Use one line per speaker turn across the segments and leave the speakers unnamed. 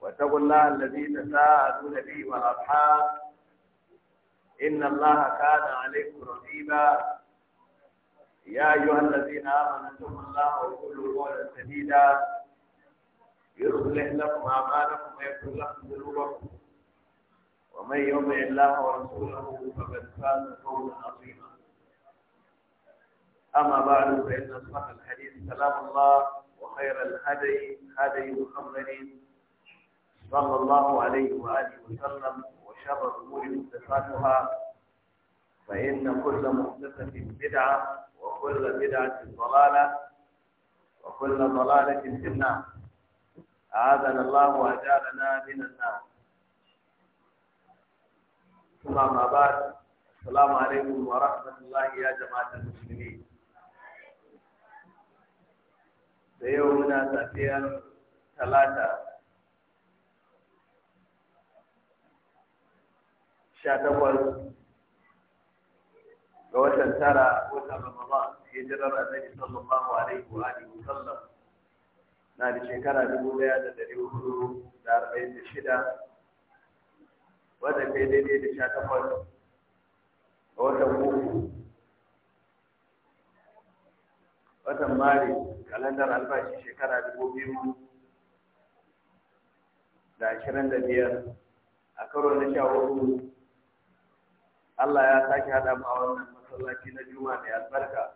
واتقوا الله الذي تساءلون به والأرحام إن الله كان عليكم رقيبا يا أيها الذين آمنوا اتقوا الله وقولوا قولا سديدا يصلح لكم أعمالكم ويغفر لكم ذنوبكم ومن يطع الله ورسوله فقد فاز قولا عظيما أما بعد فإن اصبح الحديث كلام الله وخير الهدي هدي محمد
صلى الله عليه
وآله وسلم وشر الأمور محدثاتها فإن كل محدثة بدعة وكل بدعة ضلالة وكل ضلالة في النار أعاذنا الله وأجعلنا من النار ثم ما بعد السلام عليكم ورحمة الله يا جماعة المسلمين سيومنا تأتيا ثلاثة sha takwas ga watan tara watan Ramadan hijirar Annabi sallallahu alaihi wa alihi sallam, na da shekara dubu daya da dari hudu da arba'in da shida Wata kai daidai da sha takwas ga watan uku watan mari kalandar albashi shekara dubu biyu da ashirin da biyar a karo na sha hudu Allah ya sake haɗa mu a wannan masallaci na Juma'a mai albarka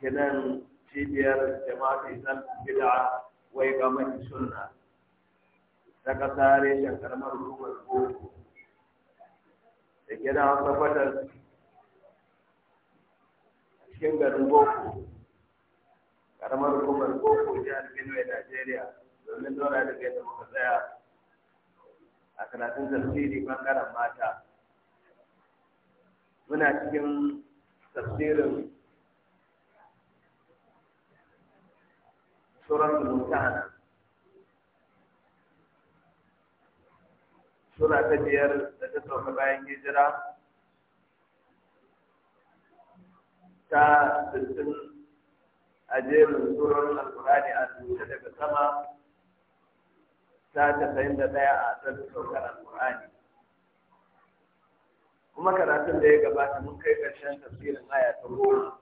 kenan cibiyar jama'a izal bid'a wa iqamati sunna ta kasa reshen karamar hukumar boko da gina wata fatar cikin garin boko karamar hukumar boko jihar benue nigeria domin dora da gaisa muka tsaya a karatun tafsiri bangaren mata muna cikin tafsirin suratul mutahana sura ta biyar da ta sauka bayan hijira ta sittin a jerin surorin alkurani a rubuce daga sama ta tasa'in da ɗaya a tsarin saukar alkurani kuma karatun da ya gabata mun kai ƙarshen tafsirin aya ta goma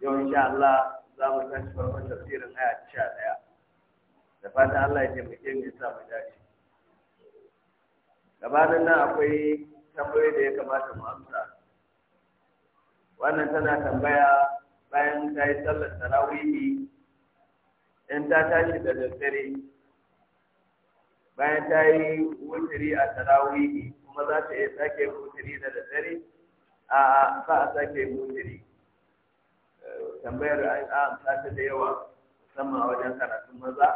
yau insha Allah za mu tashi farkon tafsirin aya ta sha ɗaya da fatan Allah ya taimake mu sa mu dace gabanin nan akwai tambayoyi da ya kamata mu amsa wannan tana tambaya bayan ta yi sallar tarawihi in ta tashi da daddare bayan ta yi wuturi a tarawihi kuma za ta iya sake yin da daddare a sa a sake yin tambayar a sake da yawa musamman a wajen karatun maza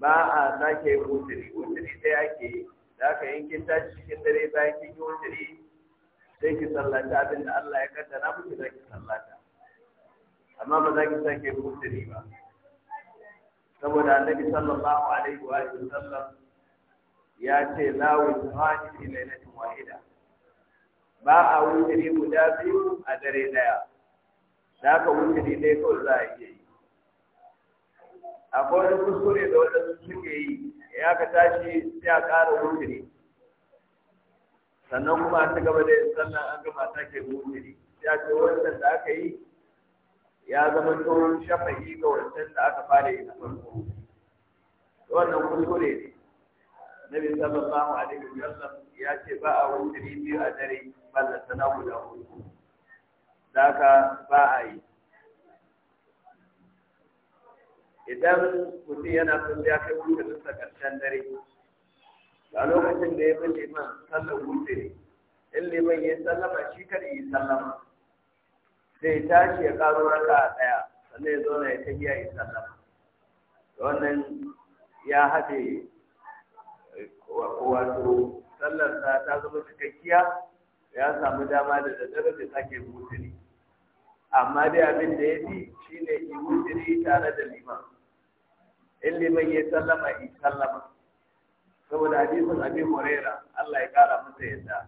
ba a sake yin wuturi ta sai ake yi da aka yankin tashi cikin dare bayan kin yi wuturi sai ki sallata abin da Allah ya kaddara miki za ki sallata amma ba za ki sake yin ba saboda annabi sallallahu alaihi wa sallam ya ce la wuhani fi lailatin wahida ba a wutiri guda biyu a dare daya da aka wutiri dai ko za a iya yi akwai wani kuskure da waɗansu suke yi ya ka tashi sai a ƙara wutiri sannan kuma a ta gaba da yin an gama take wutiri ya ce wancan da aka yi ya zama tsohon shafa'i ga wancan da aka fara yi na farko wannan kuskure ne nabi sallallahu alaihi sallam ya ce ba a wuturi biyu a dare balla sana da uku da haka ba a yi idan mutum yana son ya kai da sa karshen dare a lokacin da ya bi liman sallar wuturi in liman ya sallama shi kada yi sallama
sai tashi ya
karo raka daya sannan ya zauna ya tafiya ya sallama wannan ya haɗe wato sallar sa ta zama cikakkiya ya samu dama da daddare da sake mutiri
amma dai abin da ya
fi shi ne yi mutiri tare da liman in liman ya sallama in sallama saboda hadisin abin horera, Allah ya kara masa yadda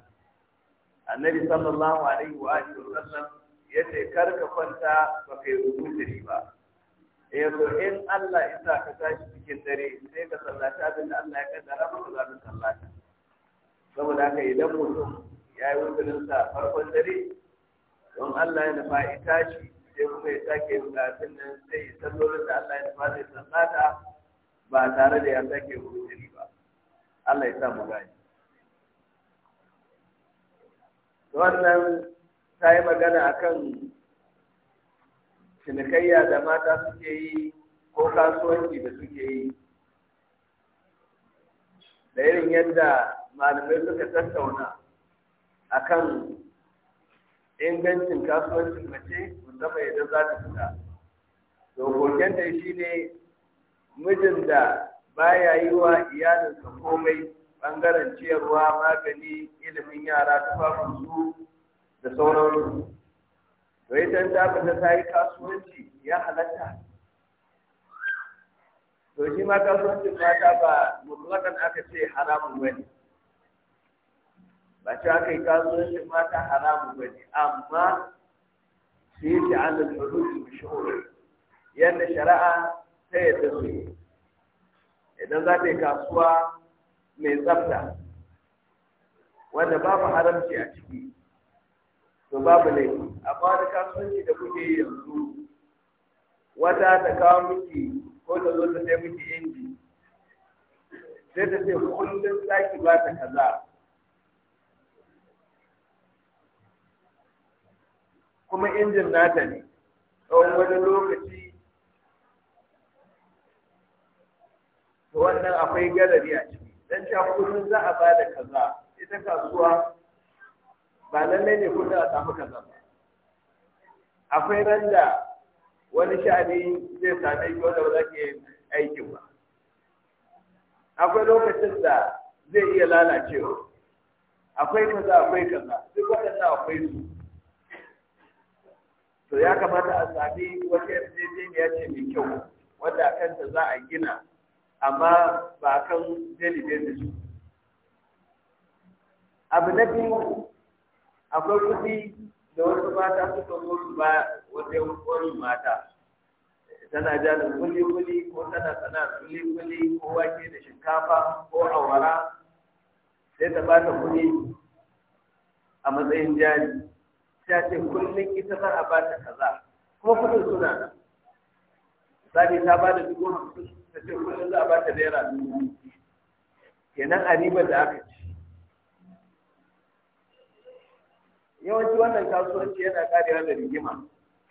annabi sallallahu alaihi wa alihi wa sallam yace kar karka kwanta ba kai mutiri ba yanzu in Allah ya sa ka tashi cikin dare sai ka sallaci abin da Allah ya kaddara maka za ka sallata saboda haka idan mutum ya yi wuturin sa farkon dare don Allah ya nufa ya tashi sai kuma ya sake gafin nan sai ya sallolin da Allah ya nufa zai sallata ba tare da ya sake dare ba Allah ya sa mu gani wannan ta yi magana akan cinikayya da mata suke yi ko kasuwanci da suke yi da irin yadda malamai suka tattauna a kan ingancin kasuwancin mace musamman idan za ta fita dokokin da shi ne mijin da baya yi wa iyalinsa komai ɓangaren ciyarwa magani ilimin yara tufafin su da sauransu
to idan ta fita ta
yi kasuwanci ya halatta to shi ma kasuwancin mata ba mutlakan aka ce haramun wani. ba ta kai kasuwancin mata haramun wani, amma sai ta alal hudud mashhur yadda shari'a ta yadda su idan za ta yi kasuwa mai tsafta wanda babu haramci a ciki to babu laifi amma da kasuwanci da kuke yanzu wata ta kawo miki ko ta zo ta sai miki inji sai ta ce kullum saki ba ta kaza kuma injin nata ne tsawon wani lokaci to wannan akwai galari a ciki dan cewa kullum za a ba da kaza ita kasuwa ba lallai ne kullum a samu kaza ba akwai ran da wani sha'ani zai same ki wanda ba za yi aikin ba akwai lokacin da zai iya lalacewa akwai kaza akwai kaza duk waɗannan akwai su to ya kamata a sami wata yarjejeniya ce mai kyau wanda a kanta za a gina amma ba a kan da su? abu na biyu akwai kuɗi da wasu mata suka zo ba wata wani mata tana ja da wuli-wuli ko tana tana wuli-wuli ko wake da shinkafa ko awara sai ta ba ta kuɗi a matsayin jari ta ce kullum ita za a ba ta kaza kuma kuɗin suna nan sani ta ba da dubu hamsin ta ce kullum za a ba ta naira dubu kenan a ribar da aka ci yawanci wannan kasuwanci yana karewa da rigima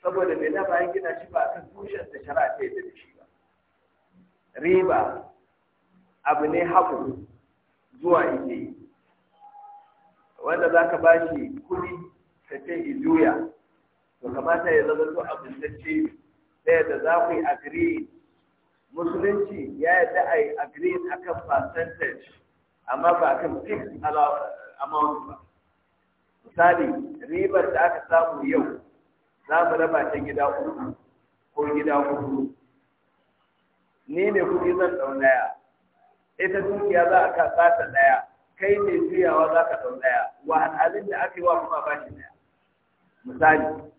saboda mai na bayan gina shi ba kan tushen da shara ta yadda da shi ba riba abu ne haku zuwa ike yi wanda za ka ba shi kuɗi ka ce juya to kamata ya zama to amintacce ɗaya da za ku yi agree musulunci ya yadda a yi agree akan percentage amma ba kan fixed amount ba misali ribar da aka samu yau za mu raba ta gida uku ko gida hudu ni ne kuɗi zan ɗau ɗaya ita dukiya za a ka sata ɗaya kai ne juyawa za ka ɗau ɗaya wa al'adun da aka yi wa kuma ba shi ɗaya misali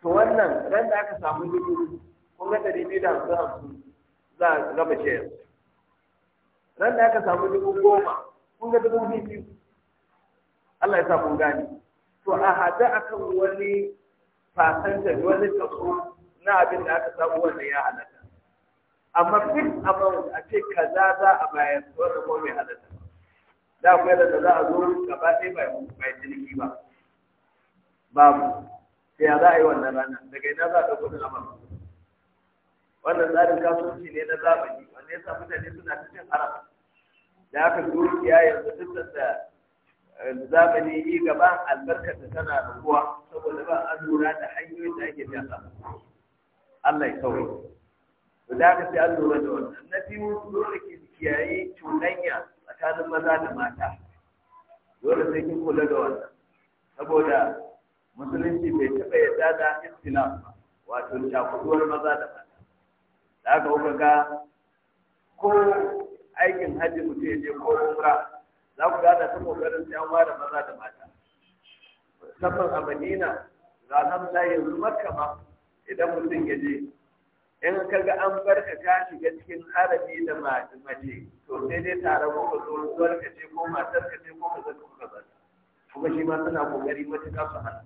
to wannan ran da aka samu dubu kun ga ɗari biyu da hamsin hamsin za a raba shayar ran da aka samu dubu goma kun ga dubu biyu Allah ya sa kun gane to a hada akan wani fasanta wani kaso na abin da aka samu wanda ya halatta amma fit amount a ce kaza za a bayar wanda kuma mai halatta da akwai da za a zo gaba ɗaya bai bai ciniki ba babu sai ya za a yi wannan rana daga ina za a ɗauko da amount wannan tsarin kasuwanci ne na zamani wanda ya sa mutane suna cikin haram da aka ya yanzu duk da zamani yi gaba albarkata tana raguwa saboda ba an lura da hanyoyin da ake biya sa Allah ya kawo to da ka sai an lura da wannan na biyu dole ki kiyaye cuɗanya tsakanin maza da mata dole sai kin kula da wannan saboda musulunci bai taɓa yadda da istina wato cakuduwar maza da mata da aka kuka ga ko aikin hajji mutum ya je ko umra za ku gada ta kokarin yan da maza da mata musamman a madina za nan ta yanzu makka ma idan mutum ya je in ka ga an barka ka shiga cikin arabi da mace to sai dai tare ko ka zo ka ce ko matar ka ce ko ka zaka ko ka zaka kuma shi ma suna kokari matuƙa su hana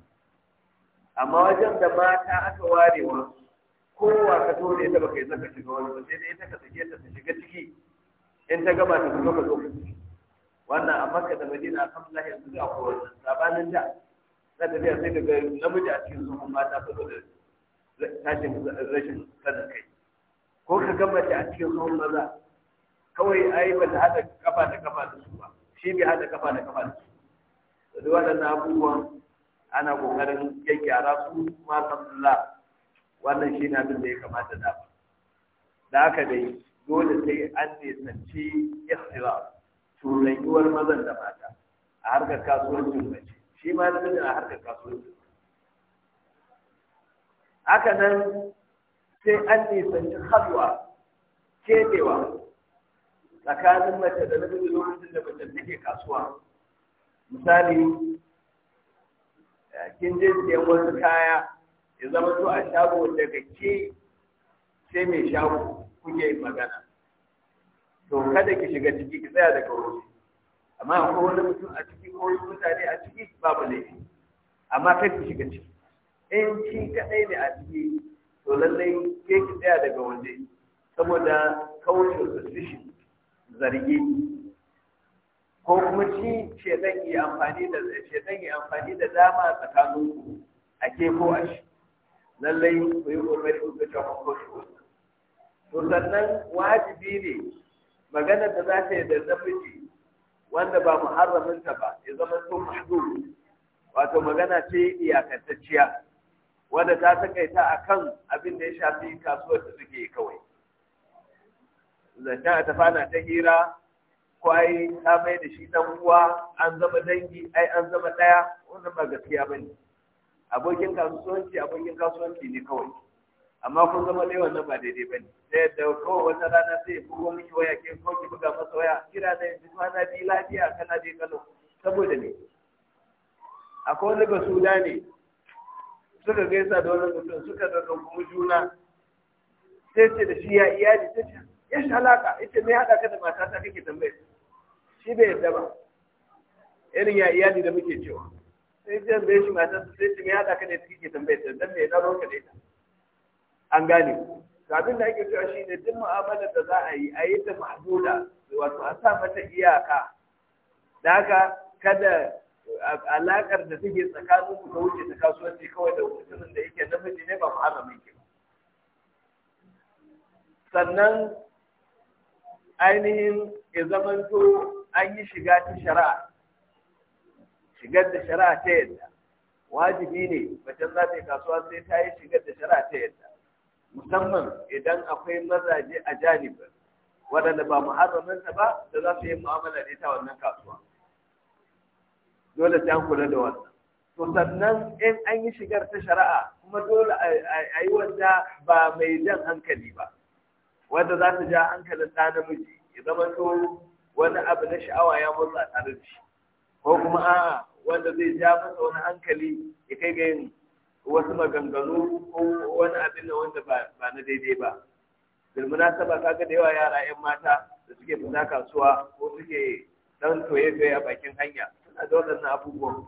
amma wajen da mata aka warewa kowa ka tone ta baka yi zaka shiga wani ba sai dai ta ka sake ta ta shiga ciki in ta gama ta kuma ka zo ka ciki wannan a makka da madina alhamdulillah yanzu ga kowanne sabanin da na tafiya sai daga namiji a cikin tsohon mata saboda tashin rashin sanin kai ko ka gammace a cikin tsohon maza kawai ai ba ta haɗa kafa da kafa da su ba shi bai haɗa kafa da kafa da su da waɗannan abubuwan ana ƙoƙarin gyaggyara su ma alhamdulillah wannan shi ne abin da ya kamata da da haka dai dole sai an nisanci ikhtilaf turayuwar mazan da mata a harkar kasuwancin mace shi ma namijin a harkar kasuwancin haka nan sai an nisanci halwa kebewa tsakanin mace da namiji lokacin da mace take kasuwa misali eh, kin je siyan wasu kaya ya zama to a shago daga ke sai mai shago kuke magana to kada ki shiga ciki ki tsaya daga waje
amma akwai wani
mutum a ciki ko wani mutane a ciki babu laifi amma kai ki shiga ciki in ki kadai ne a ciki to lallai ke ki tsaya daga waje saboda kauce suspicion zargi ko kuma shi shedan yi amfani da shedan yi amfani da dama tsakanin ku a ke ko a shi lallai ku yi kokari ku ga cewa ko shi to sannan wajibi ne maganar da za ta yi da namiji wanda ba mu muharraminta ba ya zama to mahzuru wato magana ce iyakantacciya wanda ta takaita kan abin da ya shafi kasuwar da suke kawai zancen a tafana ta hira ko ai ta mai da shi dan uwa an zama dangi ai an zama daya wannan ba gaskiya ba ne. abokin kasuwanci abokin kasuwanci ne kawai amma kun zama dai wannan ba daidai ba ne sai da ko wata rana sai ya bugo miki waya ke ko ki buga masa waya kira da yanzu na biyu lafiya kana je Kano saboda me akwai wani basuda ne suka gaisa da wani mutum suka kuma juna sai ce da shi ya iyali ta ce ya shi halaka ce me haɗa ka da mata ta kake tambayar shi bai yadda ba irin ya iyali da muke cewa sai ce bai shi mata sai ce me haɗa ka da ta kake tambayar dan me ya daro ka da ita an gane abin da ake cewa shine duk mu'amala da za a yi a yi ta mahduda wato a sa mata iyaka da haka kada alakar da take tsakanin ku ta wuce ta kasuwanci kawai da mutumin da yake namiji ne ba haɗa mai ke. sannan ainihin ya zamanto an yi shiga ta shari'a shigar da shari'a ta yadda wajibi ne mace za ta yi kasuwa sai ta yi shigar da shari'a ta yadda musamman idan akwai mazaje a janiba waɗanda ba muharraminsa ba da za su yi mu'amala da ita wannan kasuwa dole sai kula da wannan to sannan in an yi shigar ta shari'a kuma dole a yi wanda ba mai jan hankali ba wanda za ta ja hankalin ɗa namiji ya zama to wani abu na sha'awa ya motsa tare da shi ko kuma a'a wanda zai ja masa wani hankali ya kai ga yin wasu maganganu ko wani abin da wanda ba na daidai ba bilmuna saba kaga da yawa yara yan mata da suke fita kasuwa ko suke dan toye-toye a bakin hanya suna da waɗannan abubuwan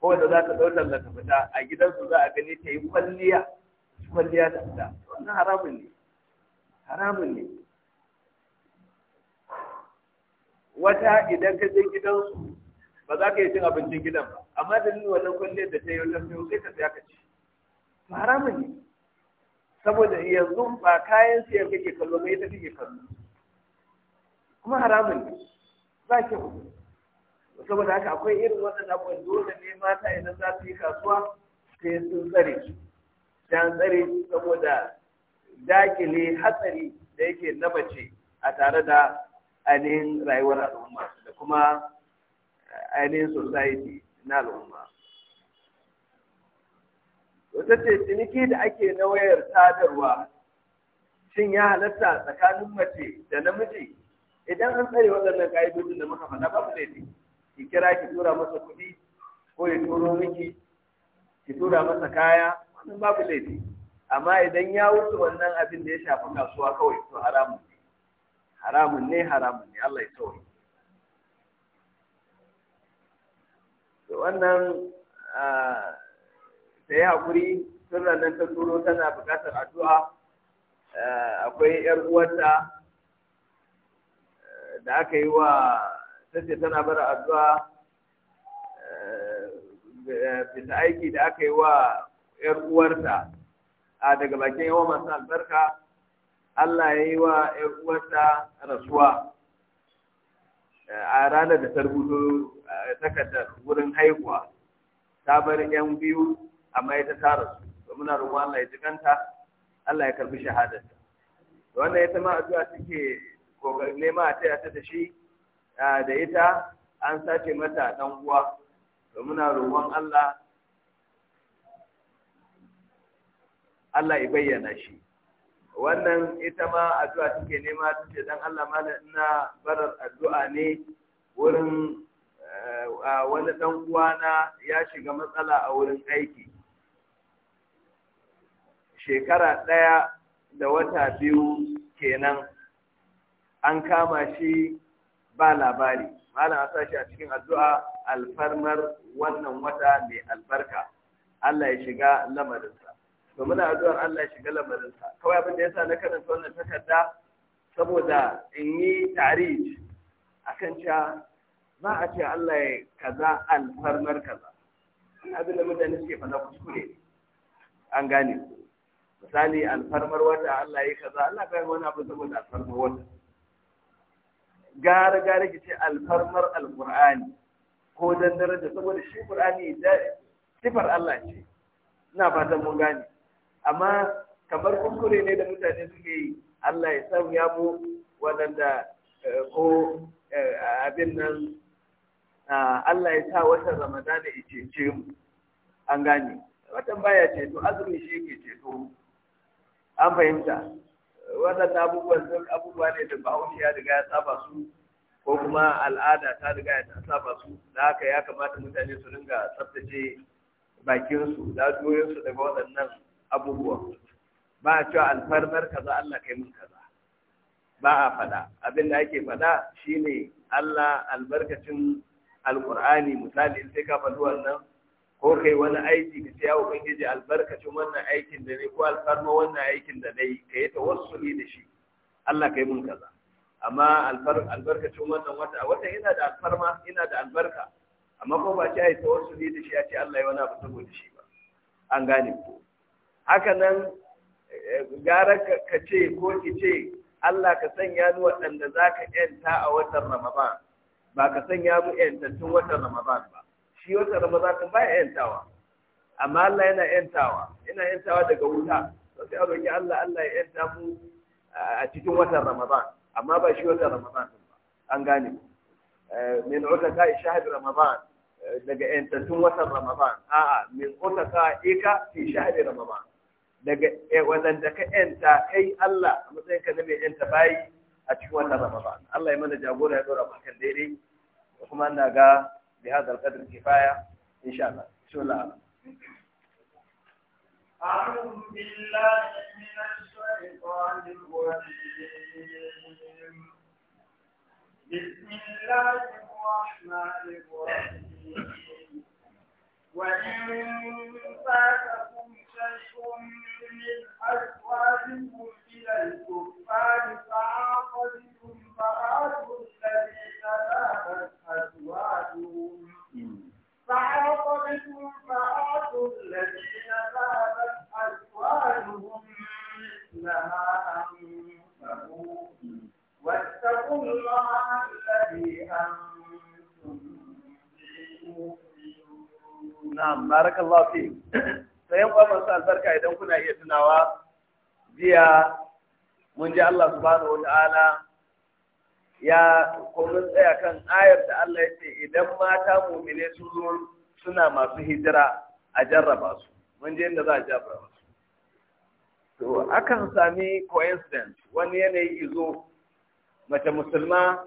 ko da za ka ɗaukar da ta fita a gidansu za a gani ta yi kwalliya kwalliya ta fita wannan haramun ne haramun ne wata idan ka je gidansu ba za ka yi cin abincin gidan ba amma da ni wannan kwalliyar da ta yi wannan sai ka saya ka ci haramun ne saboda yanzu ba kayan siyar kake kallo mai ta kake kallo kuma haramun ne za ki saboda haka akwai irin wannan abubuwan dole ne mata idan za su yi kasuwa sai sun tsare su sai an tsare saboda dakile hatsari da yake na mace a tare da ainihin rayuwar al'umma da kuma eh, ainihin society na al'umma wata ce ciniki da ake na wayar sadarwa shin ya halatta tsakanin mace da namiji idan an tsare waɗannan ƙa'idojin da muka faɗa babu ne ki kira ki tura masa kuɗi ko ya turo miki ki tura masa kaya wannan babu laifi amma idan ya wuce wannan abin da ya shafi kasuwa kawai to haramun ne haramun ne haramun ne Allah ya tsawai to wannan ah, ta yi haƙuri sirran nan ta turo tana buƙatar addu'a eh, akwai ‘yar uwarta eh, da aka yi wa tace tana bara addu'a eh, bisa aiki da aka yi wa ‘yar uwarta a daga bakin yawan masu albarka Allah ya yi wa ‘yar uwarta rasuwa a ranar da ta rubuto takardar wurin haihuwa ta bar ‘yan biyu amma ita ta rasu to muna roƙon Allah ya ji kanta Allah ya karbi shahadarta wannan ita ma addu'a take kokarin nema a taya ta da shi da ita an sace mata dan uwa to muna roƙon Allah Allah ya bayyana shi wannan ita ma addu'a take nema ta ce dan Allah malam ina barar addu'a ne
wurin
eh, wani dan uwana ya shiga matsala a wurin aiki shekara ɗaya da wata biyu kenan an kama shi ba labari malam a sashi a cikin addu'a alfarmar wannan wata mai albarka Allah ya shiga lamarinsa to muna addu'ar Allah ya shiga lamarinsa kawai abin da yasa na karanta wannan takarda saboda in yi tarij akan cewa ba a ce Allah ya kaza alfarmar kaza abin da mutane suke fada kuskure an gane ku misali alfarmar wata Allah ya kaza Allah bai wani abu saboda alfarmar wata gara gara ki ce alfarmar alqur'ani ko dan daraja saboda shi qur'ani da sifar Allah ce ina fatan mun gane amma kamar kuskure ne da mutane suke yi Allah ya ya mu waɗanda eh, ko eh, abin nan ah, Allah ya sa wata Ramadana ya cece mu an gane watan baya ceto azumi shi ke ceto mu an fahimta Wannan abubuwan sun abubuwa ne da bahaushe ya riga ya saba su ko kuma al'ada ta riga ya saba su da haka ya kamata mutane su ringa tsaftace bakinsu da su daga waɗannan abubuwa ba a cewa alfarmar kaza Allah kai mun kaza ba a faɗa abin da ake faɗa shine Allah albarkacin alkur'ani misali sai ka faɗi wannan ko kai wani aiki ka ce ya ubangiji albarkacin wannan aikin da ne ko alfarma wannan aikin da nayi ka yi ne da shi Allah kai mun kaza amma albarkacin wannan wata a wata ina da alfarma ina da albarka amma ko ba ce tawassu ne da shi ya ce Allah ya wani abu saboda shi ba an gane ko haka nan eh, gara ka ce ko ki ce Allah ka sanya ni waɗanda za ka ‘yanta a watan Ramadan ba ka sanya mu ‘yantattun watan Ramadan ba shi wata za ba ya yantawa amma Allah yana yantawa yana yantawa daga wuta sai a roki Allah Allah ya yanta mu a cikin watan ramadan amma ba shi watan ramadan ba an gane mu eh, min utaka shahid ramadan eh, daga yantattun watan ramadan a'a min utaka ika fi shahid ramadan daga eh, wadanda ka yanta kai Allah a matsayin ka na mai yanta bayi a cikin watan ramadan Allah ya mana jagora ya dora bakan daidai kuma na ga بهذا القدر كفاية إن شاء الله شو الله
أعوذ بالله من الشيطان الرجيم بسم الله الرحمن الرحيم وإن فاتكم شيء من أزواجكم إلى الكفار فعاقبتم أمهات الذين ذهبت أزواجهم فعاقبتم فآتوا Na'am,
barakallahu fi. Sayan kwa masu albarka idan kuna iya tunawa jiya mun ji Allah subhanahu wa ta'ala ya kullun tsaya kan ayar da Allah ya ce idan mata mu'mine su zo suna masu hijira a jarraba su mun je inda za a jarraba su to akan sami coincidence wani yanayi izo mace musulma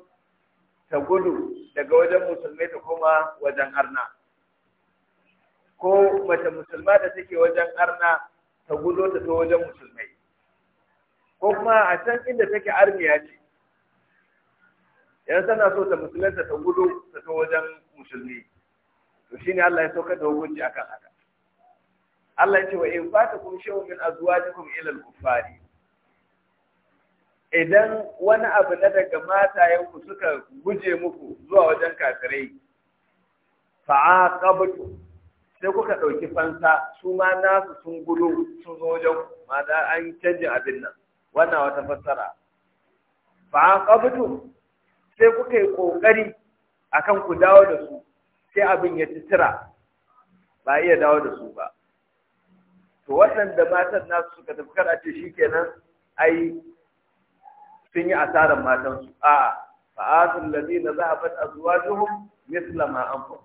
ta gudu daga wajen musulmai ta koma wajen arna ko mace musulma da take wajen arna ta gudu ta to wajen musulmai ko kuma a can inda take armiya ce yan tana so ta musulunta ta gudu ta ta wajen musulmi to shine Allah ya saukar da hukunci akan haka Allah ya ce wa in kun shay'un min azwajikum ila al-kuffari idan wani abu na daga matayenku suka guje muku zuwa wajen kafirai fa'aqabtu sai kuka ɗauki fansa su ma nasu sun gudu sun zo wajen ma da an canjin abin nan wannan wata fassara fa'aqabtu sai kuka yi ƙoƙari akan ku dawo da su sai abin ya titira ba a iya dawo da su ba to waɗanda matan nasu suka tafi kar a ce shikenan ai sun yi asarar matansu a'a fa asul ladina zahabat azwajuhum misla ma anfaq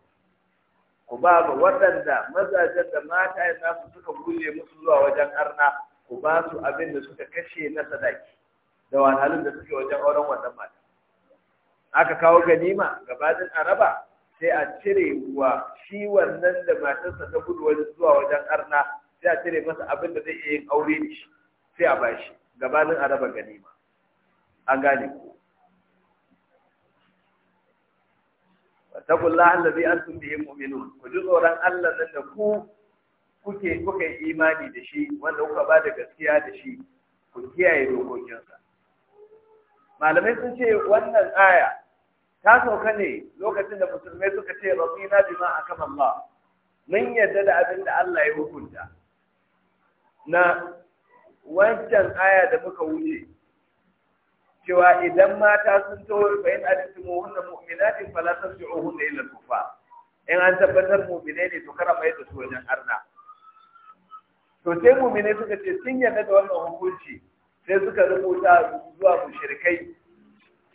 ku ba ba waɗanda mazajen da mata ya nasu suka gulle musu zuwa wajen arna ku ba su abin da suka kashe na sadaki da wahalhalun da suke wajen auren wannan mata aka kawo ganima gabanin araba sai a cire wa shi wannan da matarsa ta gudu wani zuwa wajen arna sai a cire masa abin da zai iya yin aure da shi sai a bashi gabanin araba ganima an gane ku wattaqullaha allazi antum bihi mu'minun ku ji tsoron Allah nan da ku kuke kuka imani da shi wanda kuka ba da gaskiya da shi ku kiyaye dokokinsa malamai sun ce wannan aya ta sauka ne lokacin da musulmai suka ce rabbina bima akama Allah mun yadda da abin da Allah ya hukunta na wancan aya da muka wuce cewa idan mata sun to bayan aditumu wannan mu'minatin fala tasjuhunna illa kufa in an tabbatar mu'minai ne to kada mai da su wajen arna to sai mu'minai suka ce sun yarda da wannan hukunci sai suka rubuta zuwa mushrikai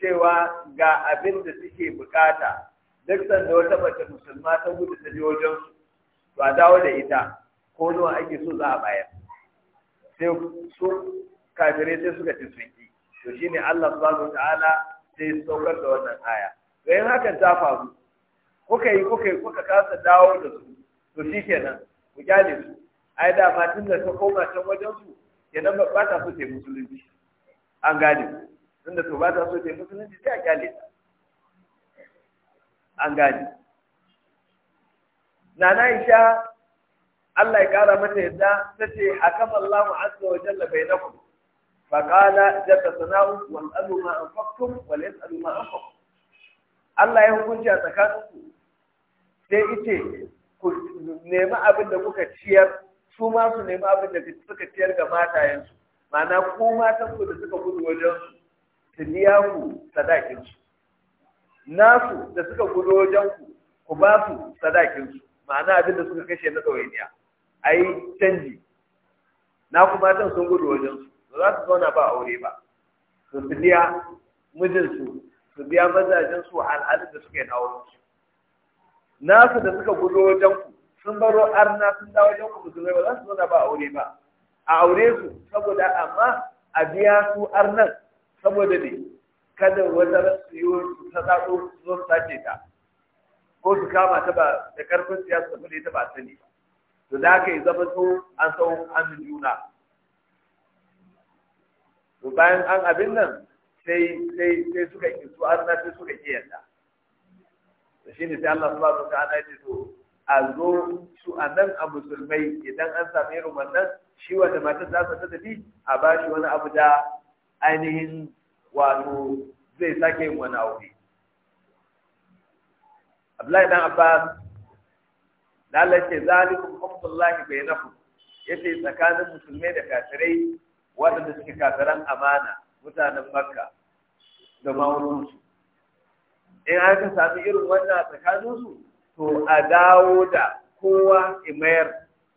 cewa ga abin da suke bukata duk sanda wata mace musulma ta gudu ta je wajen su to a dawo da ita ko nawa ake so za a bayar sai su kafire sai suka ci sun to shine Allah subhanahu ta'ala sai saukar da wannan aya bayan hakan ta faru kuka yi kuka yi kuka kasa dawo da su to shikenan ku kyale su ai da matan da ta koma ta wajen su kenan ba ta so ta yi musulunci an gane tunda to ba ta so ta yi musulunci sai a kyale ta an gane nana isha Allah ya kara mata yadda ta ce hakam Allahu azza wa jalla bainakum fa qala jatta sana'u wal adu ma anfaqtum wal yasalu ma anfaqtum Allah ya hukunci a tsakaninku sai ita ku nemi abin da kuka ciyar su ma su nemi abin da suka ciyar ga matayensu ma'ana ko matan ku da suka gudu wajen su biya ku sadakin su nasu da suka gudu wajen ku ku ba su sadakin su ma'ana abin da suka kashe na ɗawainiya a yi canji na ku matan sun gudu wajen su ba za su zauna ba aure ba su biya mijinsu su biya mazajen su al'adun da suka yi na wurin su nasu da suka gudu wajen ku sun baro arna sun dawo wajen ku musulmai ba za su zauna ba aure ba a aure su saboda amma a biya su arnan saboda ne kada wata su yi ta zaɓo su zo su sace ta ko su kama ta ba da karfin siyasa su ne ta ba sani ba to da kai zama so an sau an juna to bayan an abin nan sai sai sai suka yi su arna sai suka yi yadda shi ne sai Allah subhanahu wa ta'ala ya ce to a zo su a nan a musulmai idan an sami irin wannan shi wanda matar za ta tafi a ba shi wani abu da ainihin wato zai sake yin wani aure. Abdullahi dan Abbas da Allah zalikum hubbullahi bainakum yace tsakanin musulmai da kafirai waɗanda suke kafiran amana mutanen Makka da ma'aurinsu. In aka sami irin wannan tsakaninsu to a dawo da kowa imayar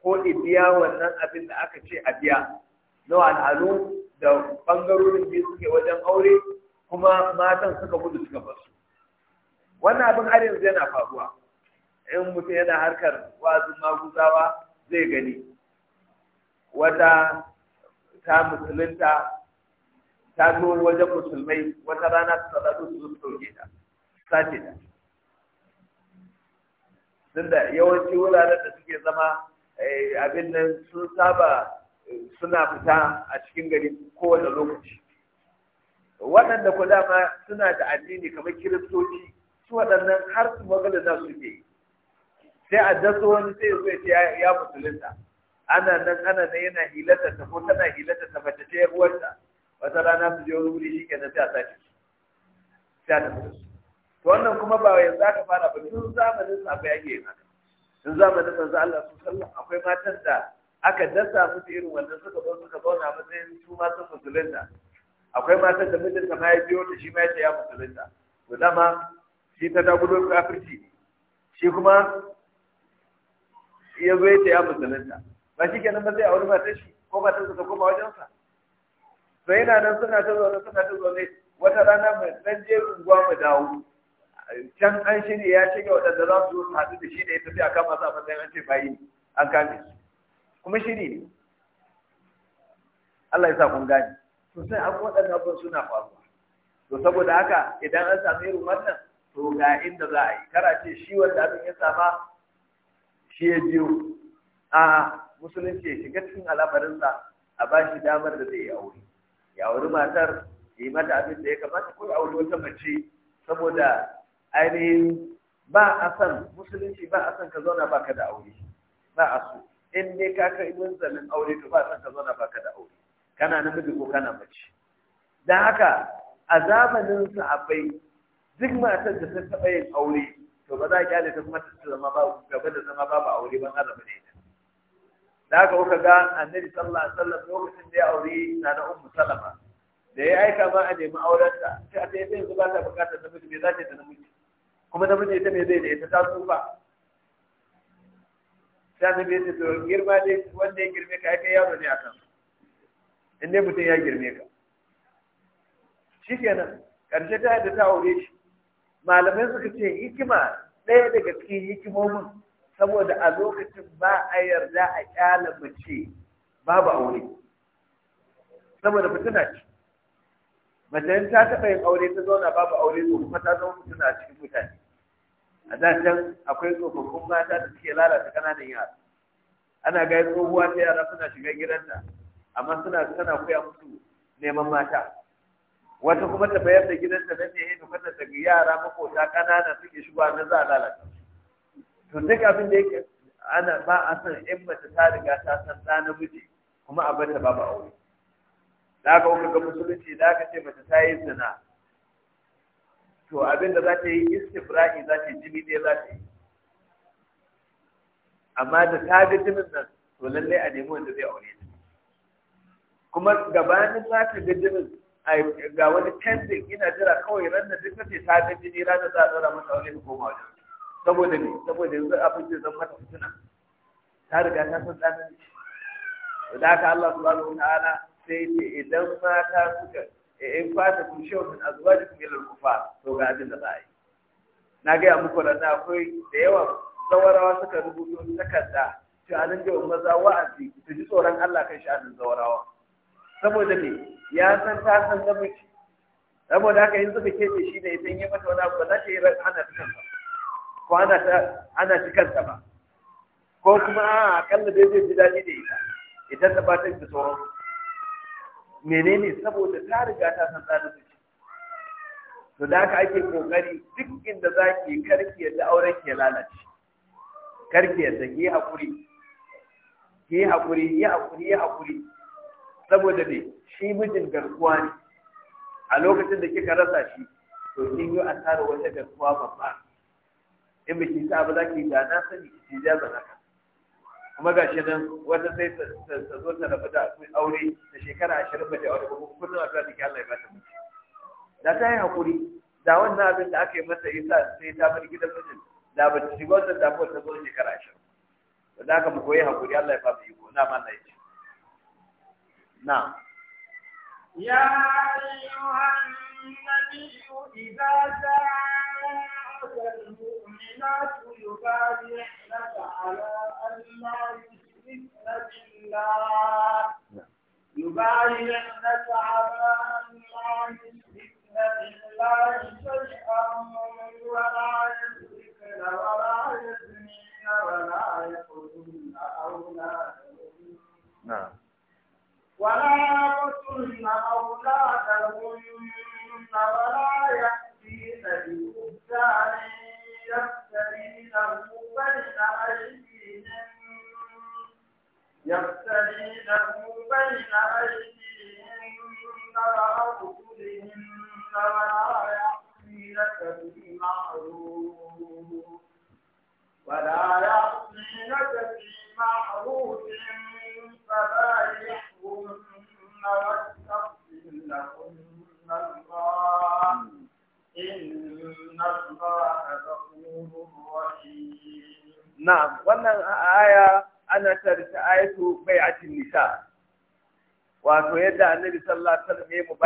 ko ibiya wannan abin da aka ce a biya na al'adu da bangarorin biyu suke wajen aure kuma matan suka gudu suka basu wannan abin har yanzu yana faruwa in mutum yana harkar wazin maguzawa zai gani wata ta musulunta ta zo wajen musulmai wata rana ta zo su zo su ɗauke ta sace ta tunda yawanci wuraren da suke zama eh, abin nan sun saba eh, suna fita a cikin gari kowane lokaci waɗanda ku dama suna da addini kamar kiristoci su waɗannan har su magana za su ke sai a daso wani sai zai ce ya musulunta ana nan ana nan yana hilata ta ko tana hilata ta fata ce uwarta wata rana su je wani wuri shi kenan sai a sace sai a tafi da su to wannan kuma ba yanzu aka fara ba tun zamanin sa ba yake yin haka tun zamanin manzo Allah sallallahu akwai matan da aka dasa musu irin wannan suka zo suka zauna matsayin su ma sun musulunta akwai matan da mijinta ma ya biyo ta shi ma ya ce ya musulunta to dama shi ta ka kafirci shi kuma ya zo ya ce ya musulunta ba shi kenan ba sai a wani matar shi ko matar su ta koma wajensa to yana nan suna ta zaune suna ta zaune wata rana mai dan je unguwa mu dawo can an shirya ya shiga waɗanda za su haɗu da shi da ya tafi a kama masu a da an ce bayi an kame su kuma shiri ne Allah ya sa kun gane to sai an waɗannan abin suna faruwa to saboda haka idan an sami irin wannan to ga inda za a yi kara ce shi wanda abin ya sama shi ya biyo a musulunci ya shiga cikin al'amarinsa a ba shi damar da zai yi aure ya auri matar ya yi mata abin da ya kamata ko ya auri wata mace saboda ainihin ba a san musulunci ba a san ka zauna ba ka da aure ba a so in ne ka kai zanen aure to ba a san ka zauna ba ka da aure kana namiji ko kana mace dan haka a zamanin sahabbai duk matar da ta taɓa yin aure to ba za a kyale ta kuma ta zama ba gaba da zama babu aure ban araba ne ta da haka kuka ga annabi sallallahu alaihi wasallam lokacin da ya aure na na ummu salama da ya aika ba a nemi aurenta sai a ta yanzu ba ta bukatar namiji me za ta yi da namiji kuma namiji ita ne zai da ita ta tsufa Ta annabi ne ce to girma dai wanda ya girme ka kai yaro ne kan, in dai mutum ya girme ka shikenan karshe ta yadda ta aure shi malamai suka ce hikima ɗaya daga cikin hikimomin saboda a lokacin ba a yarda a ƙyala mace babu aure saboda na ci. mace ta taɓa yin aure ta zauna babu aure to kuma ta zama mutum a cikin mutane a da can akwai tsofaffin mata da suke lalata kananan yara ana ga tsohuwa ta yara suna shiga gidanta amma suna tana koya musu neman mata wata kuma ta bayar da gidanta nan ne yadda kwanta daga yara makota kanana suke shigowa na za a lalata to duk abin da yake ana ba a san in mace ta riga ta san ɗa namiji kuma a bata babu aure da aka ga musulunci da aka ce mace ta yi zina to abin da za ta yi istifra'i za ta yi jini ne za ta yi amma da ta ga jinin nan to lalle a nemi wanda zai aure ta kuma gabanin za ta ga jinin ga wani canjin ina jira kawai ran da duk kace ta ga jini ran da za a tsara masa aure ta koma wajen saboda ne saboda yanzu abin da zan mata fitina ta riga ta san tsanani da haka Allah subhanahu wa ta'ala sai ce idan mata suka in ta kun shi wani azuwaji kun ilar kufa to ga abin da za a yi na gaya muku da na akwai da yawa zawarawa suka rubuto takarda cewa nan da maza wa'azi su ji tsoron Allah kan sha'anin zawarawa saboda me ya san ta san namiji saboda haka in suka kece shi da ita yi mata wani abu ba za ta yi hana ta kanta ko ana ta ana ta kanta ba ko kuma a akalla dai zai ji daɗi da ita ita ta ba ta ji tsoron menene saboda ta riga ta san tsarin su to da haka ake kokari duk inda zaki karki yadda auren ke lalace karki yadda ki hakuri ki hakuri ki hakuri ki hakuri saboda ne shi mijin garkuwa ne a lokacin da kika rasa shi to kin yi asara wata garkuwa babba in miki sa ba za ki da na sani ki ja ba kuma ga shi nan wata sai ta zo ta rabu da aure da shekara ashirin bata aure ba kullum addu'a take Allah ya bata mace da ta yi hakuri da wannan abin da aka yi masa isa sai ta bar gidan mijin da ba ta shiga wannan damuwar ta zo shekara ashirin Ba da aka mu koyi hakuri Allah ya bata iko na ma na yi na
ya أيها النبي إذا جاءك المؤمنات يبايعنك على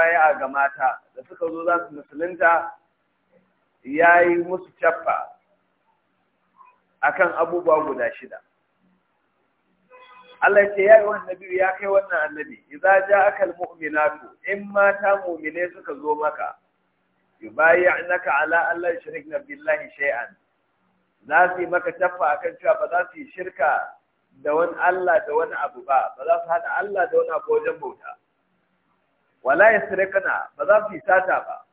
mubaya ga mata da suka zo za su musulunta ya yi musu a akan abubuwa guda shida Allah ce ya yi wani nabi ya kai wannan annabi idza aka almu'minatu in mata mu'mine suka zo maka naka ala Allah shirin billahi shay'an za su yi maka a akan cewa ba za su yi shirka da wani Allah da wani abu ba ba za su haɗa Allah da wani abu wajen bauta wala ya Kana, ba za su yi sata ba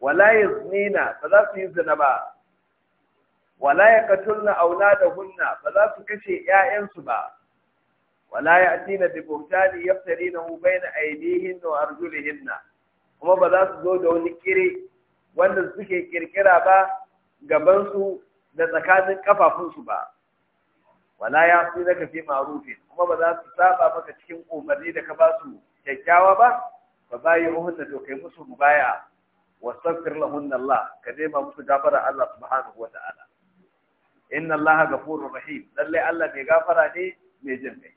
wala ya yaznina ba za su yi zina ba wala ya auna da hunna, ba za su kashe 'ya'yansu ba wala ya ya'tina bi buhtani na ainihin da wa na kuma ba za su zo da wani kire wanda suke kirkira ba gabansu da tsakanin kafafunsu ba wala ya fi na kafi ma'rufin kuma ba za su saba maka cikin umarni da ka ba su kyakkyawa ba fa bayi hunna to kai musu mubaya wastaghfir lahunna Allah ka nema musu gafara Allah subhanahu wata'ala inna Allah gafuru rahim lalle Allah mai gafara ne mai jin kai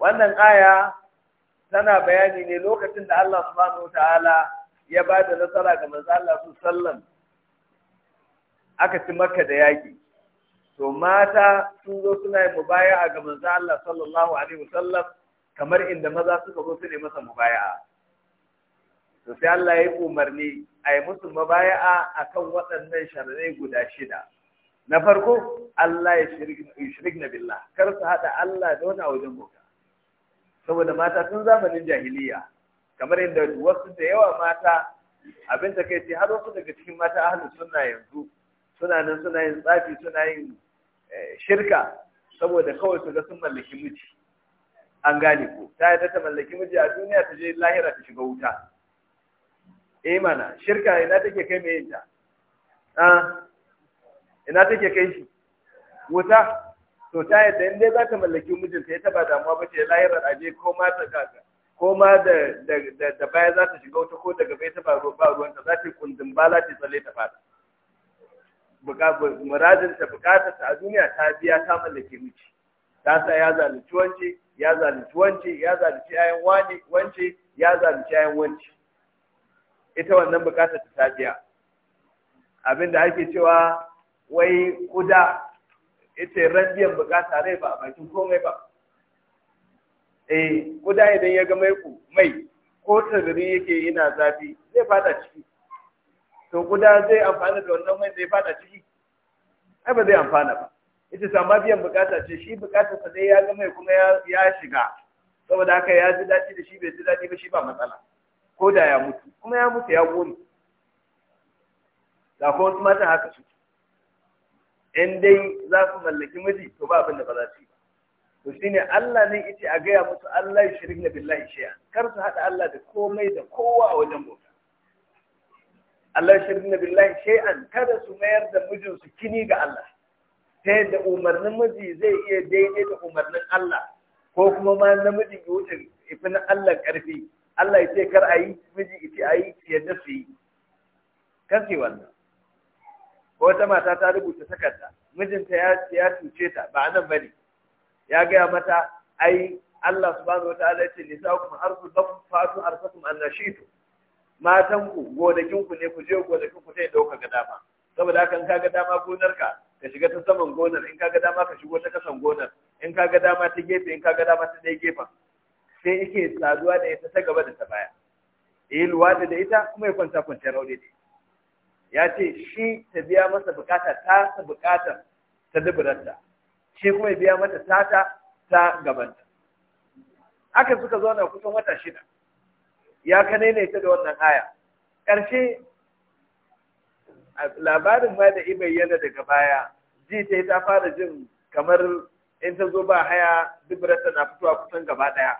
wannan aya tana bayani ne lokacin da Allah subhanahu wata'ala ya ba da nasara ga manzo Allah su sallam aka ci makka da yaki to mata sun zo suna yin mubaya ga manzo Allah sallallahu alaihi wasallam kamar inda maza suka zo su ne masa mubaya'a to sai Allah ya yi umarni a yi musu mabaya'a akan waɗannan sharadai guda shida na farko Allah ya na billah kar su haɗa Allah da wani wajen boka saboda mata sun zamanin jahiliya kamar inda wasu da yawa mata abin da kai ce har wasu daga cikin mata ahlus sunna yanzu suna nan suna yin tsafi suna yin eh, shirka saboda kawai su ga sun mallaki miji an gane ko ta yadda ta mallaki miji a duniya ta je lahira ta shiga wuta eh mana shirka ina take kai mai yinta ah ina take kai shi wuta
to ta yadda
in dai za ta mallaki ta ya taba damuwa ba ce lahira a je ko ma ta kaga ko ma da da da baya za ta shiga wuta ko daga bai taba ba ta za ta kundin ba za ta tsale ta fada murajin ta bukatar ta a duniya ta biya ta mallake miji ta sa ya zalunci wance ya zalunci wance ya zalunci ayan wani wance ya zalunci ayan wance ita wannan bukatar ta tafiya. abinda ake cewa wai kuda ita ran biyan bukata rai ba a bakin komai ba eh kuda idan ya ga mai ku mai ko tsibiri yake ina zafi zai fada ciki to kuda zai amfana da wannan mai zai fada ciki ai ba zai amfana ba ita sama biyan bukata ce shi bukatar sa dai ya ga mai kuma ya shiga saboda haka ya ji daɗi da shi bai ji daɗi ba shi ba matsala ko da ya mutu kuma ya mutu ya gone da kuma ta haka su in dai za su mallaki miji to ba abin da ba za su yi ba to shine Allah ne yace a gaya musu Allah ya shirka billahi shay'a kar su hada Allah da komai da kowa a wajen bauta Allah ya shirka billahi shay'an kada su mayar da mijinsu kini ga Allah ta yadda umarnin miji zai iya daidai da umarnin Allah ko kuma ma namiji ya wuce ifi na Allah ƙarfi Allah ya ce kar a yi miji ya ce a yi yadda su yi kan ce wannan ko wata mata ta rubuta takarda mijinta ya ya cuce ta ba nan bane ya gaya mata ai Allah subhanahu wataala sa'u kuma arzu lakum fatu arsakum annashitu matan ku gonakin ku ne ku je gonakin ku sai dauka ga dama saboda hakan kaga dama gonarka ka shiga ta saman gonar in kaga dama ka shigo ta kasan gonar in kaga dama ta gefe in kaga dama ta dai gefen sai yake saduwa da ita ta gaba da ta baya yi luwada da ita kuma ya kwanta kwanciyar raunin da ya ce shi ta biya masa bukata ta sa bukatar ta duburarta shi kuma ya biya mata tata ta gabanta aka suka zauna kusan wata shida ya kane ne ta da wannan aya ƙarshe labarin ma da ibayyana daga baya ji ta ta fara jin kamar in ta zo ba haya dubrata na fitowa kusan gaba daya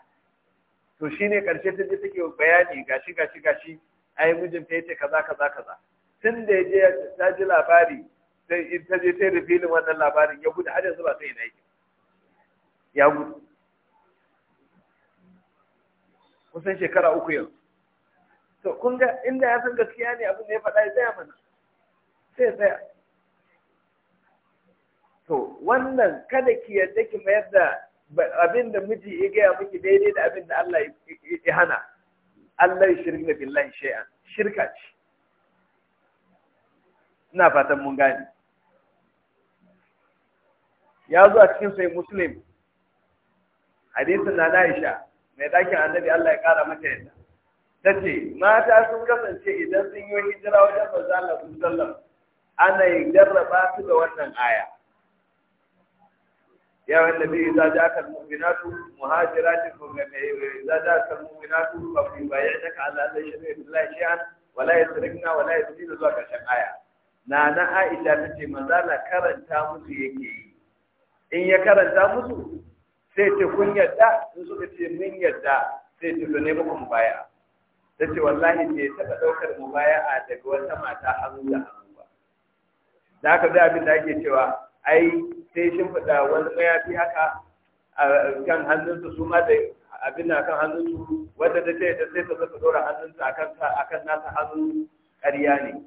to shine karshe ta je take bayani gashi gashi gashi ai mijin ta yace kaza kaza kaza tun da ya je ta ji labari sai in ta je ta rufilin wannan labarin ya gudu har yanzu ba sai na yi ya gudu kusan shekara uku yanzu to kun ga inda ya san gaskiya ne abin da ya faɗa ya mana sai tsaya to wannan kada ki yadda ki mayar da abin da miji ya gaya miki daidai da abin da Allah ya hana Allah ya da billahi shay'an shirka ce ina fatan mun gane ya zo a cikin sai muslim hadisin na Aisha mai dakin annabi Allah ya ƙara mata yadda ce, mata sun kasance idan sun yi hijira wajen manzo Allah sallallahu alaihi ana yin jarraba su da wannan aya. Ya wani nabi za ja kan mu'minatu muhajiratin ko ga mai yi za ja kan mu'minatu ba fi bayan da ka Allah zai shirya da Allah shi'an wala ya tsirgina wala ya tsirgina zuwa ƙarshen aya. Na na Aisha ta ce maza na karanta musu yake yi. In ya karanta musu sai ce kun yarda in suka ce mun yarda sai ce zane muku mu baya. Ta ce wallahi ne ya taɓa ɗaukar mu baya a daga wata mata a zuwa da haka zai abin da ake cewa ai sai shi fada wani mayafi haka a kan hannunsa su ma da abin na kan hannunsu wanda ta ce da sai ta zata dora hannunsa a akan nasa hannun ƙarya ne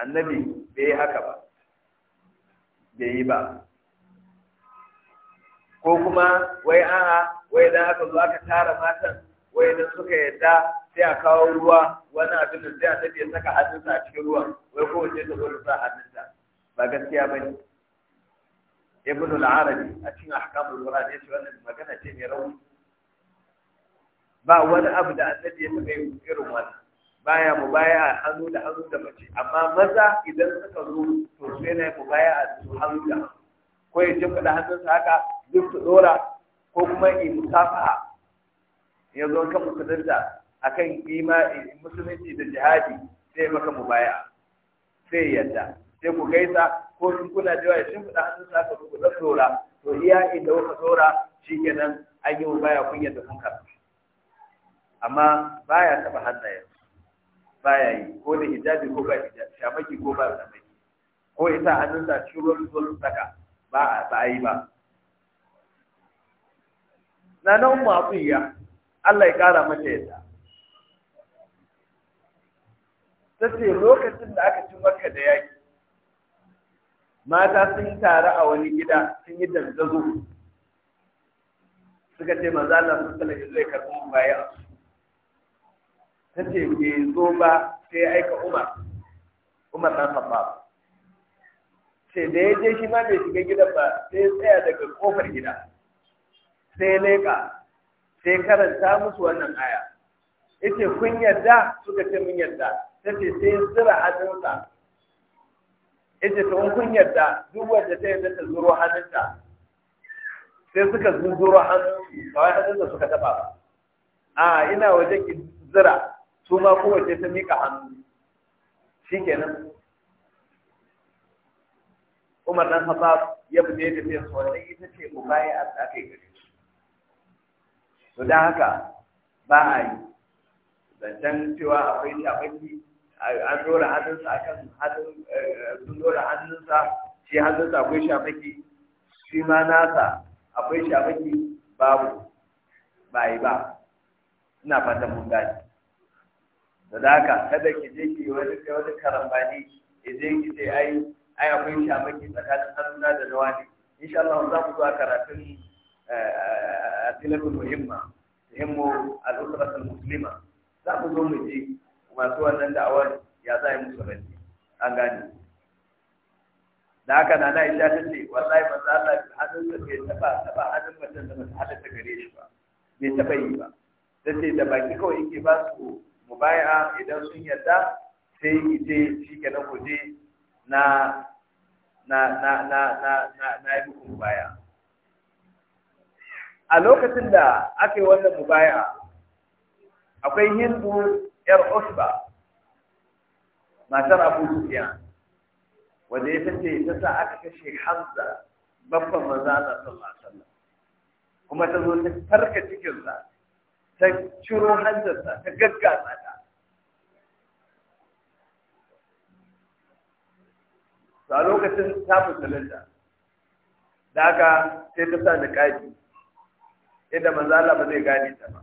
annabi bai yi haka ba bai yi ba ko kuma wai a'a wai dan aka zo aka tara matan wai da suka yadda sai a kawo ruwa wani abin da sai a tafi saka hannunsa a cikin ruwan wai wace ta zo da sa hannunta ba gaskiya ba ne ibn al-arabi a cikin ahkamul ne shi wannan magana ce mai rauni ba wani abu da annabi ya taɓa yin irin Ba baya mu baya hannu da hannu da mace amma maza idan suka zo to sai na mu baya su hannu da hannu ko ya jimfa da hannunsa haka duk su dora ko kuma in musafaha ya zo kan musulunta akan imani musulunci da jihadi sai maka baya. sai yadda sai ku gaisa ko in kuna jawa shin kuɗa hannun sa ka ku da tsora to iya inda kuka tsora shi nan an yi mu baya kun yadda kun karɓi amma baya taba hannayen baya yi ko da hijabi ko ba hijabi shamaki ko ba shamaki ko ita hannun sa shi ruwan saka ba a ba a yi ba na nan mu abu ya Allah ya kara mata yadda
ta ce lokacin
da aka ci maka da yaki mata sun taru a wani gida sun yi dangazo suka ce manzo Allah sun yi zai karɓi bayan ta ce ke zo ba sai ya aika Umar Umar na Khattab sai da ya je shi ma bai shiga gidan ba sai ya tsaya daga kofar gida sai ya leƙa sai karanta musu wannan aya yace kun yarda suka ce mun yarda tace sai zira hannunsa yace to kun yarda duk wanda ta yarda ta zuro hannunta sai suka zuro hannun kawai wai suka taba ba a ina waje ki zira su ma kowace ta mika hannu shikenan Umar dan Khattab ya bude da sai wannan ita ce ubayi a aka yi to da haka ba a yi zancen cewa akwai shafaki an dora hannunsa a kan eh, sun dora hannunsa shi hannunsa akwai shafaki shi ma nasa akwai shafaki babu ba yi ba ina fatan mun gani da haka kada ki je ki wani kai wani karambani je ki ce ai ai akwai shafaki tsakanin hannuna da nawa ne insha Allah za mu zuwa karatun eh, silatu muhimma muhimmu al'usratul muslima za ku zo mu ji masu wannan da'awar ya za an da haka na na ta ce wallahi manzo Allah taba taba da gare shi ba bai taba yi ba ta da baki kawai yake ba su mubaya idan sun yarda sai ite shi na na na na na na na yi a lokacin da aka yi wannan mubaya akwai hindu yar usba matar abu sufiyan wanda ya tace ta sa aka kashe hamza babban maza na son alaihi kuma ta zo ta farka cikinsa ta ciro hanzarsa ta gaggasa ta a lokacin ta musulunta da haka sai ta sa da ƙaji. yadda manzo Allah ba zai gane ta ba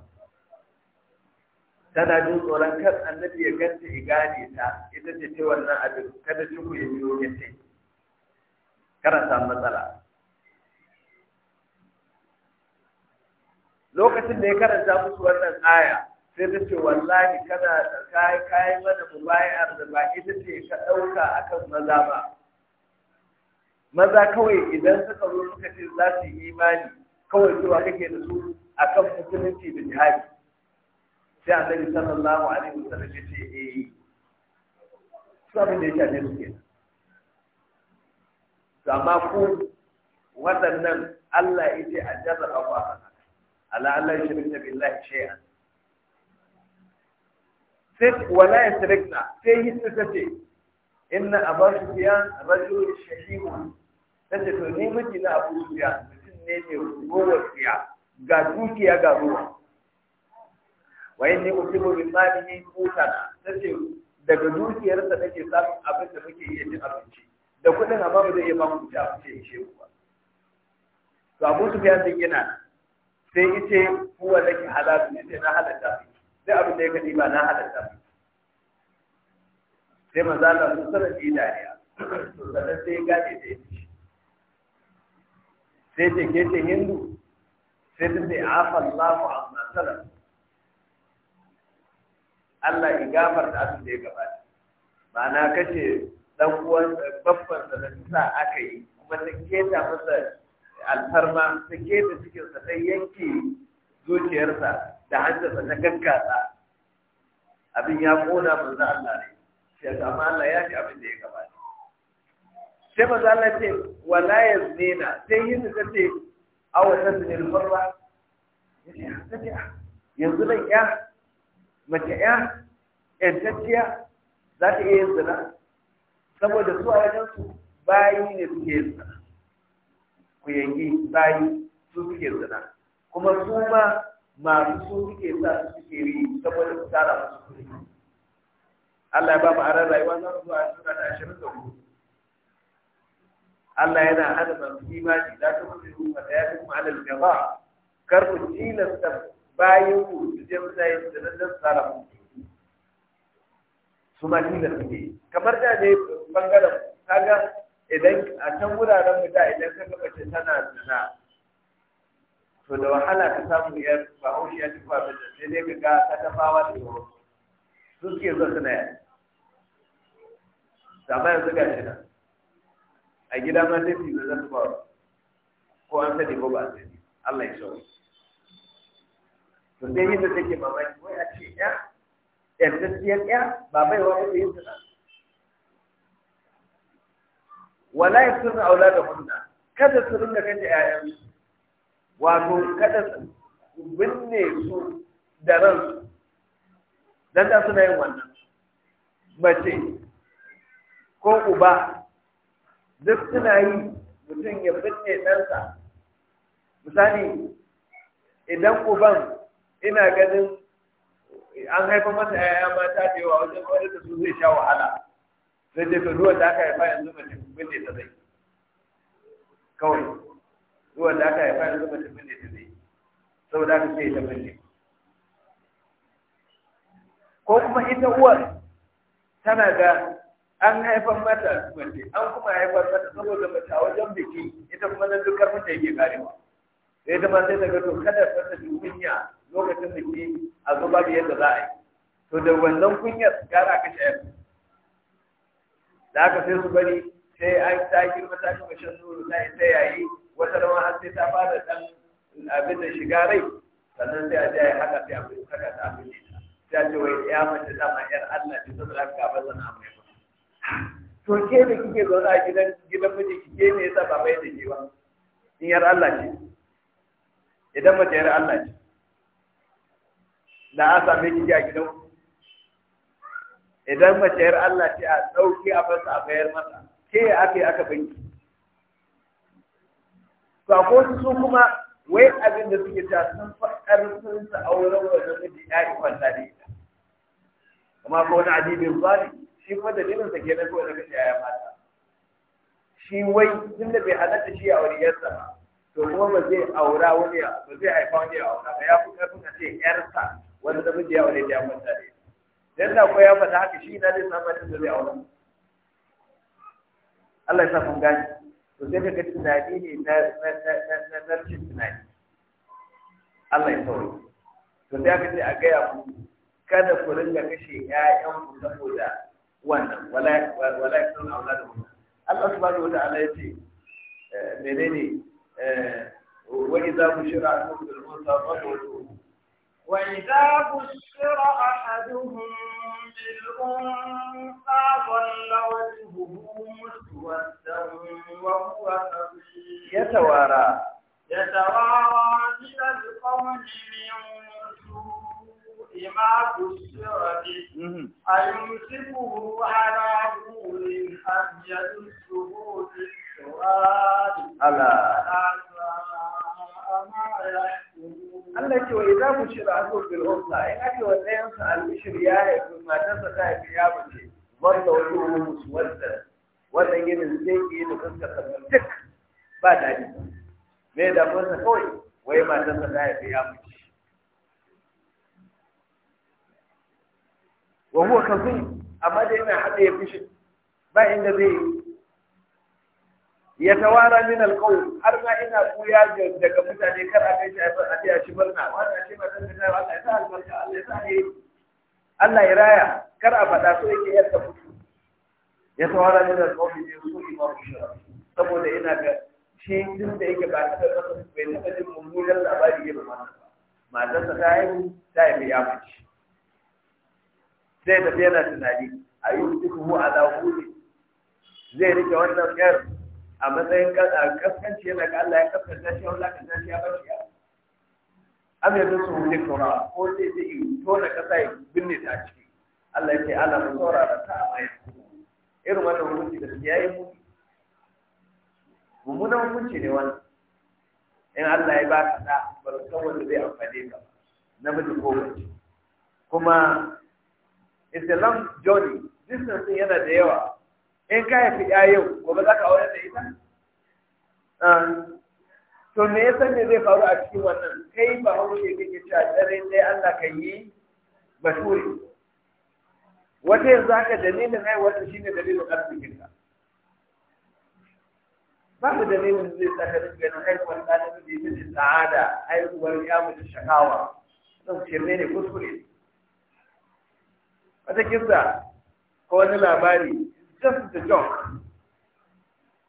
tana jin tsoron kan annabi ya ganta ya gane ta ita ce ce wannan abin kada ciku ya biyo ya ce kana samu matsala lokacin da ya karanta musu wannan aya sai ta ce wallahi kana da kai kai mana mubayar da ba ita ce ka dauka akan maza ba maza kawai idan suka zo suka za su yi imani kawai zuwa yake da su a kan musulunci da jihadi sai lamu a rikin sanar ya ce yi. Eh, su abin da ya shafe su ke to amma ku waɗannan Allah ya ce a abuwa a akan haka ya Allah ya shirka billahi shay'an sai wala ya shirka sai su ta ce inna abu sufiyan rajul shahihun ce to ni miji na abu biya ne ne ruwar siya ga dukiya ga ruwa wa inni usibu bi malihi Na ce daga dukiyarsa nake samun abin da muke iya cin abinci da kuɗin amma ba zai iya ba mu ci abinci ya ce ba to Abu Sufyan din yana sai ita huwa laki halatu ne sai na halatta sai abin da ya kadi ba na halatta sai manzo Allah sun sanar da dariya to sanar sai ya gaje da shi sai ce ke hindu sai ta ce afan lafu a matsalar Allah ya da abin da ya gabata ma'ana kace dan uwan babban sa da sa aka yi kuma ta keta masa alfarma ta keta cikin sa ta yanke zuciyarsa da hanzarsa ta gaggasa abin ya kona manzo Allah ne sai amma Allah ya ji abin da ya gabata sai za a ce wala na sai su ah, ta ce aw ah, tasni al farwa yanzu nan ya mace ya yantacciya za ta iya yin na? saboda su a wajen su bayi ne suke yin zina ku yanki bayi su suke na. kuma su ma masu su suke sa su suke yi saboda su tara musu kuɗi Allah ya ba mu aran rayuwa na zuwa suna da ashirin da hudu Allah yana hana masu imani za ta mutu ruwa da ya kuma alal gaba kar ku tilasta bayan ku su je mutane da nan nan tsara mu su ma tilasta ne kamar da ne bangaren kaga idan a can wuraren mu da idan ka ga ce tana zina to da wahala ka samu yar ba haushi ya tufa ba sai dai ka ga ta tafawa da yawa su suke zo suna yi amma yanzu ga shi nan a gida ma sai su zan ba ko an sani ko ba a sani Allah ya so to sai da take mamaki ko a ce ya yantacciyar ya ba bai wa ita yin sana wala ya suna aula da hunna kada su rinka kashe ƴaƴan wato kada su binne su da ran dan da suna yin wannan mace ko uba duk suna yi mutum ya binne ɗansa misali idan uban ina ganin an haifa masa yaya mata da yawa wajen kawai da su zai sha wahala sai dai ruwan da aka haifa yanzu mace binne ta zai kawai ruwan da aka haifa yanzu mace binne ta zai saboda aka ce ta binne ko kuma ita uwar tana da. an haifar mata mace an kuma haifar mata saboda mace a wajen biki ita kuma na dukkan mata yake karewa sai ta ma sai daga to kada ta ji kunya lokacin biki a zo babu yadda za a yi to da wannan kunyar gara ka shayar da aka sai su bari sai an ta girma ta kuma shan nuru ta yi ta yayi wata rama har sai ta fara dan abin da shiga rai sannan sai a je yi haka sai a saka ta abin sai a ce wai ya mace dama yar Allah ce saboda ka ba zan amma to ke da kike zaune a gidan gidan miji kike ne yasa ba mai dake ba in yar Allah ce idan mace yar Allah ce da a same kike a gidan idan mace yar Allah ce a dauki a fasa a bayar masa ke ake aka banki. to ko su kuma wai abin da suke ta sun faɗar sun sa auren wajen miji ya yi da ita amma ko wani adibin zalimi shi kuma dalilin sa kenan kawai daga shi ya mata shi wai tun da bai halatta shi a wani yarsa ba to kuma ba zai aura wani ya ba zai haifa wani ya aura ba ya fi karfin a ce yarsa wani da ya aure ta ya mata ne dan da ko ya faɗa haka shi na zai samu da zai aura Allah ya sa mun gani to sai kaga tunani ne na na na na na tunani Allah ya sauri to sai aka ce a gaya ku. kada ku ringa kashe ƴaƴanku saboda ولا ولا يقتلون اولادهم الله سبحانه وتعالى يأتي وإذا بشر أحدهم بالأنثى فقولوا
وإذا بشر أحدهم بالأنثى ظل وجهه مسودا وهو حبيب يتوارى يتوارى من القوم من بما بشر به أيمسكه على طول أم يدسه في السؤال ألا Allah ce wa idan mu shira an gurbin umma
in ake wa ɗayan ɗayansa albishir ya haifi matarsa ta haifi ya mace wanda wani musu wanda wannan ginin zai yi da fuskar duk ba daɗi me da fuskar kawai wai matarsa ta haifi ya mace wa huwa kazim amma da yana hada ya fishi ba inda zai yi ya tawara min alƙawu. har ma ina kuya daga mutane kar a kai shi a yi a shi barna wannan shi ma dan da Allah ya sa albarka Allah ya sa ne Allah ya raya kar a faɗa so yake yadda mutu ya tawara min alƙawu alqawl ya su imam shara saboda ina ga shi din da yake ba ta da bai taɓa jin mummunan labari ya ba matarsa ta yi ta yi ya mace zai tafi yana tunani a yi hukumu a lahuri zai rike wannan yar a matsayin kaskanci yana ga Allah ya kaskanta shi wala ka tashi ya bashi ya am yadda su ne kora ko zai zai yi tona kasa yi binne ta ciki Allah ya ce ana mu saurara ta a bayan irin wannan hukunci da ya yi mu mummunan hukunci ne wannan in Allah ya ba ka da barkan wanda zai amfane ka namiji ko kuma it's a long journey distance yana da yawa in ka haifi ya yau gobe za ka aure da ita to me yasa me zai faru a cikin wannan kai ba haushe kake cewa dare dai Allah kan yi bashuri wata yanzu haka dalilin haihuwarta shine dalilin arzikinka babu dalilin zai saka duk ganin haihuwar ɗalibi da ita ce sa'ada haihuwar ya mutu shakawa don ce mene kuskure wata kisa ko wani labari just the joke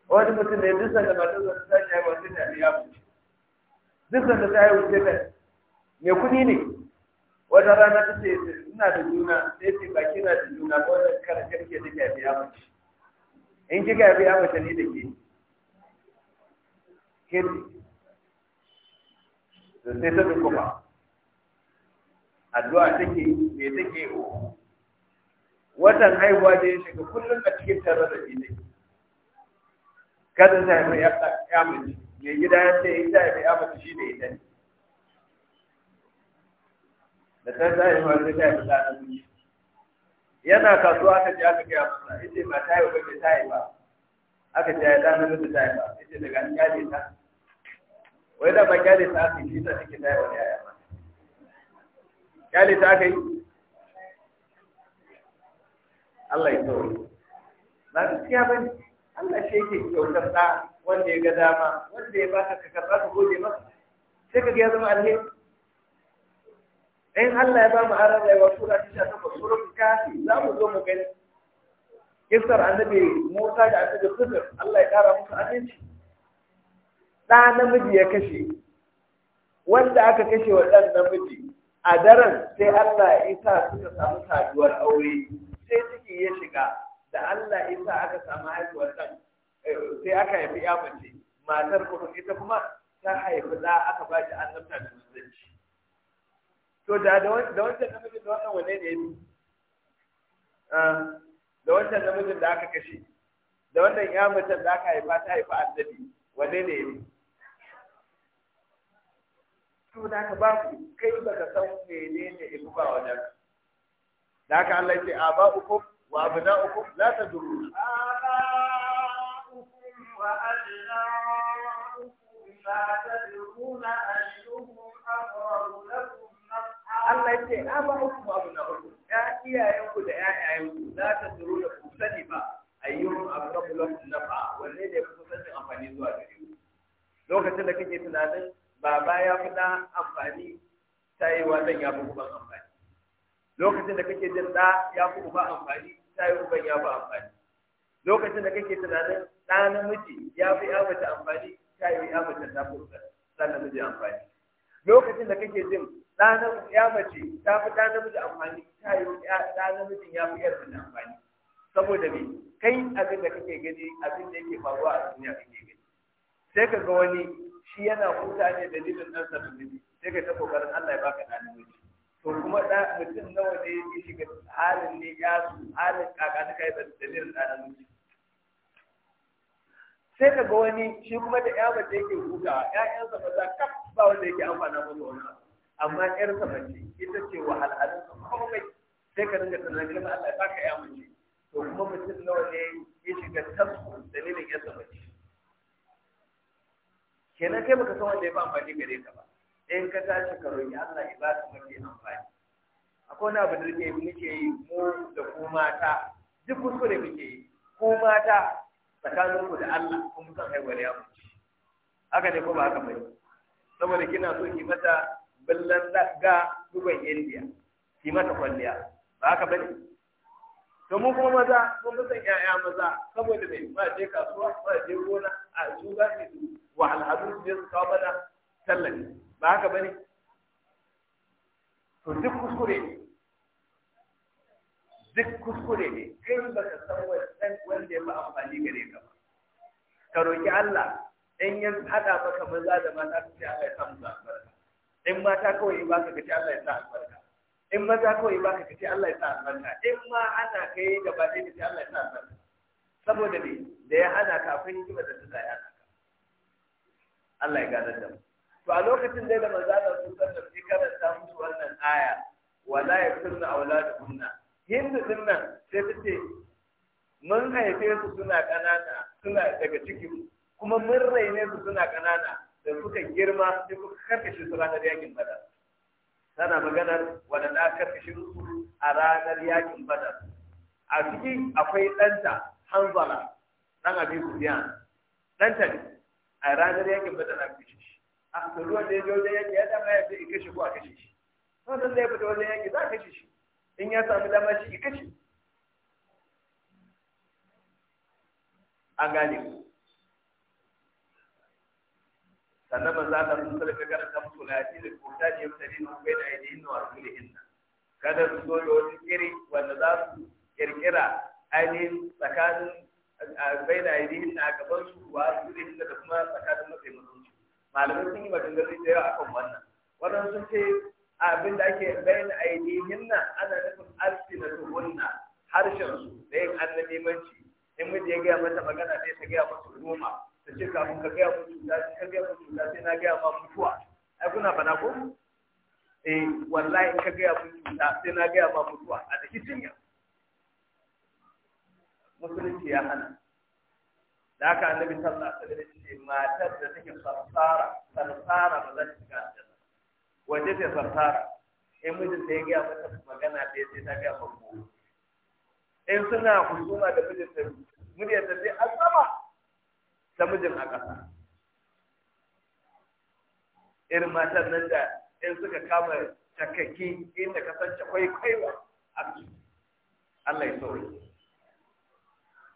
wani mutum da ya dusa da matar da ta shi haihuwa sai ta ya mutu dusa da ta haihu sai ta me kudi ne wata rana ta ce ina da juna sai ce baki na da juna ko wani karfe ke da ke ya mutu in kika fi ya mutu ne da ke kiri
da sai ta duka kuma
addu'a take me take o watan haihuwa da ya shiga kullum a cikin tare da ne kada ta haifi ya mace mai gida ya ce ita ya ya mace shi ne ita da ta ta haifi wanda ta haifi ta namiji yana kasuwa aka ji aka gaya masa ita ma ta haifi ba ta haifa aka ji ya dana namiji ta ba, ita daga an gyale ta wai da ba gyale ta aka yi ta take ta haifa da yaya ma gyale ta aka yi Allah ya tsoro. Na gaskiya ba ne Allah shi yake kyautar ɗa wanda ya ga dama wanda ya baka ka karɓa ka gode masa sai ka ga ya zama alheri in Allah ya ba mu aran rayuwa sura ta sha takwas sura kafi za mu zo mu gani kisar annabi Musa da annabi Khidir Allah ya kara musu aminci ɗa namiji ya kashe wanda aka kashe wa ɗan namiji a daren sai Allah ya sa suka samu saduwar aure sai ciki ya shiga da Allah isa aka samu haihuwar ɗan eh, sai aka haifi ya mace matar kuma ita kuma ta haifi za aka ba shi annabta da musulunci to da da wancan namijin da wannan wane ne yi ah, da wancan namijin da aka kashe da wannan ya mace da aka haifa ta haifi annabi wane ne yi to da ka ba ku kai ba ka san menene ibu ba wajen
da haka Allah yake
uku wa abna'ukum la aba aba'ukum
wa abna'ukum la tadurruna ayyuhum aqrabu lakum Allah yake uku,
wa abna'ukum ya iyayenku da ku la da ku sani ba ayyuhum aqrabu lakum nafa wanne ne ku sani amfani zuwa gare ku lokacin da kake tunanin baba ya fi amfani ta yi ya fi kuma amfani lokacin da kake jin ɗa ya fi uba amfani ta yi uban ya ba amfani lokacin da kake tunanin ɗa namiji ya fi ya mace amfani ta yi ya mace ta fi ɗa namiji amfani lokacin da kake jin da namiji ya mace ta fi da namiji amfani ta yi da namijin ya fi yar mace amfani saboda me kai abin da kake gani abin da yake faruwa a duniya kake gani sai ka ga wani shi yana huta ne dalilin ɗansa namiji sai ka ta kokarin Allah ya baka ɗa namiji to kuma da mutum nawa ne ya shiga halin ne ya su halin kaka ta kai dalilin da zuci
sai ka ga wani shi kuma da ya
bace yake hutawa sa maza kaf ba wanda yake amfana da wani abu amma ƴarsa mace ita ce wahalhalunsa komai sai ka dinga tunanin kalmar Allah ya baka ƴa mace to kuma mutum nawa ne ya shiga tasku dalilin ba ne. kenan kai baka san wanda ya ba amfani gare ka ba in ka tashi ka roƙi Allah ya baka mafi amfani akwai wani abu da muke muke yi mu da ku mata duk kuskure muke yi ku mata tsakanin ku da Allah kun san haihuwar ya mutu haka ne ko ba haka bane saboda kina so ki mata billan ga duban indiya ki mata kwalliya ba haka bane
to mu kuma maza mun san yaya
maza saboda bai ba je kasuwa ba je gona a su ga ni wahalhalu su je su kawo mana tallafi ba haka bane to duk kuskure ne duk kuskure ne kai ba ka san wanda ya fi amfani gare ka ba ka roƙi Allah in ya haɗa maka maza da mata su ce Allah ya sa musu albarka in mata kawai ba ka ce Allah ya sa albarka in maza kawai ba ka ce Allah ya sa albarka in ma ana kai gaba ɗaya ka ce Allah ya sa albarka saboda ne da ya hana kafin akwai hikima da ta ya Allah ya gadar da mu to a lokacin dai da manzo Allah sun san da ke karanta musu wannan aya wala ya aulad kunna hindu din nan sai ta ce mun haife su suna ƙanana suna daga cikin kuma mun raine su suna ƙanana da suka girma sai kuka karkashe su ranar yakin badar tana maganar wanda na karkashe su a ranar yakin badar a ciki akwai ɗanta hanzala ɗan abin sufiyan ɗanta ne a ranar yakin badar a kashe a ruwan da ya je wajen yaki ya dama ya ce in kashe ko a kashe shi wannan da ya fita wajen yaki za a kashe shi in ya samu dama shi in kashe an gane ku sannan manzo Allah sun a karanta musu lati da kuta ne mutane ne kai da ainihin wa rasulihin kada su zo wani iri wanda za su kirkira ainihin tsakanin bai da ainihin na gaban su wa rasulihin da kuma tsakanin matsayin malamai sun yi maganganun da yawa akan wannan wannan sun ce abin da ake bayan ainihin nan ana nufin tuhunna harshen su da yin annabimanci in miji ya gaya mata magana sai ta gaya musu goma ta ce kafin ka gaya musu cuta sai ka gaya musu da sai na gaya ma mutuwa ai kuna bana ko eh wallahi in ka gaya musu cuta sai na gaya ma mutuwa a da cinya musulunci ya hana da haka annabi sallallahu alaihi wasallam ce matar da take sarsara sarsara ba za ta shiga aljanna waje ta sarsara in mijin da ya gaya mata magana da ya ce ta gaya mako in suna husuma da mijin ta muryar ta sai a sama da mijin a ƙasa irin matan nan da in suka kama takaki inda ka kasance kwaikwaiwa a ciki Allah ya saurari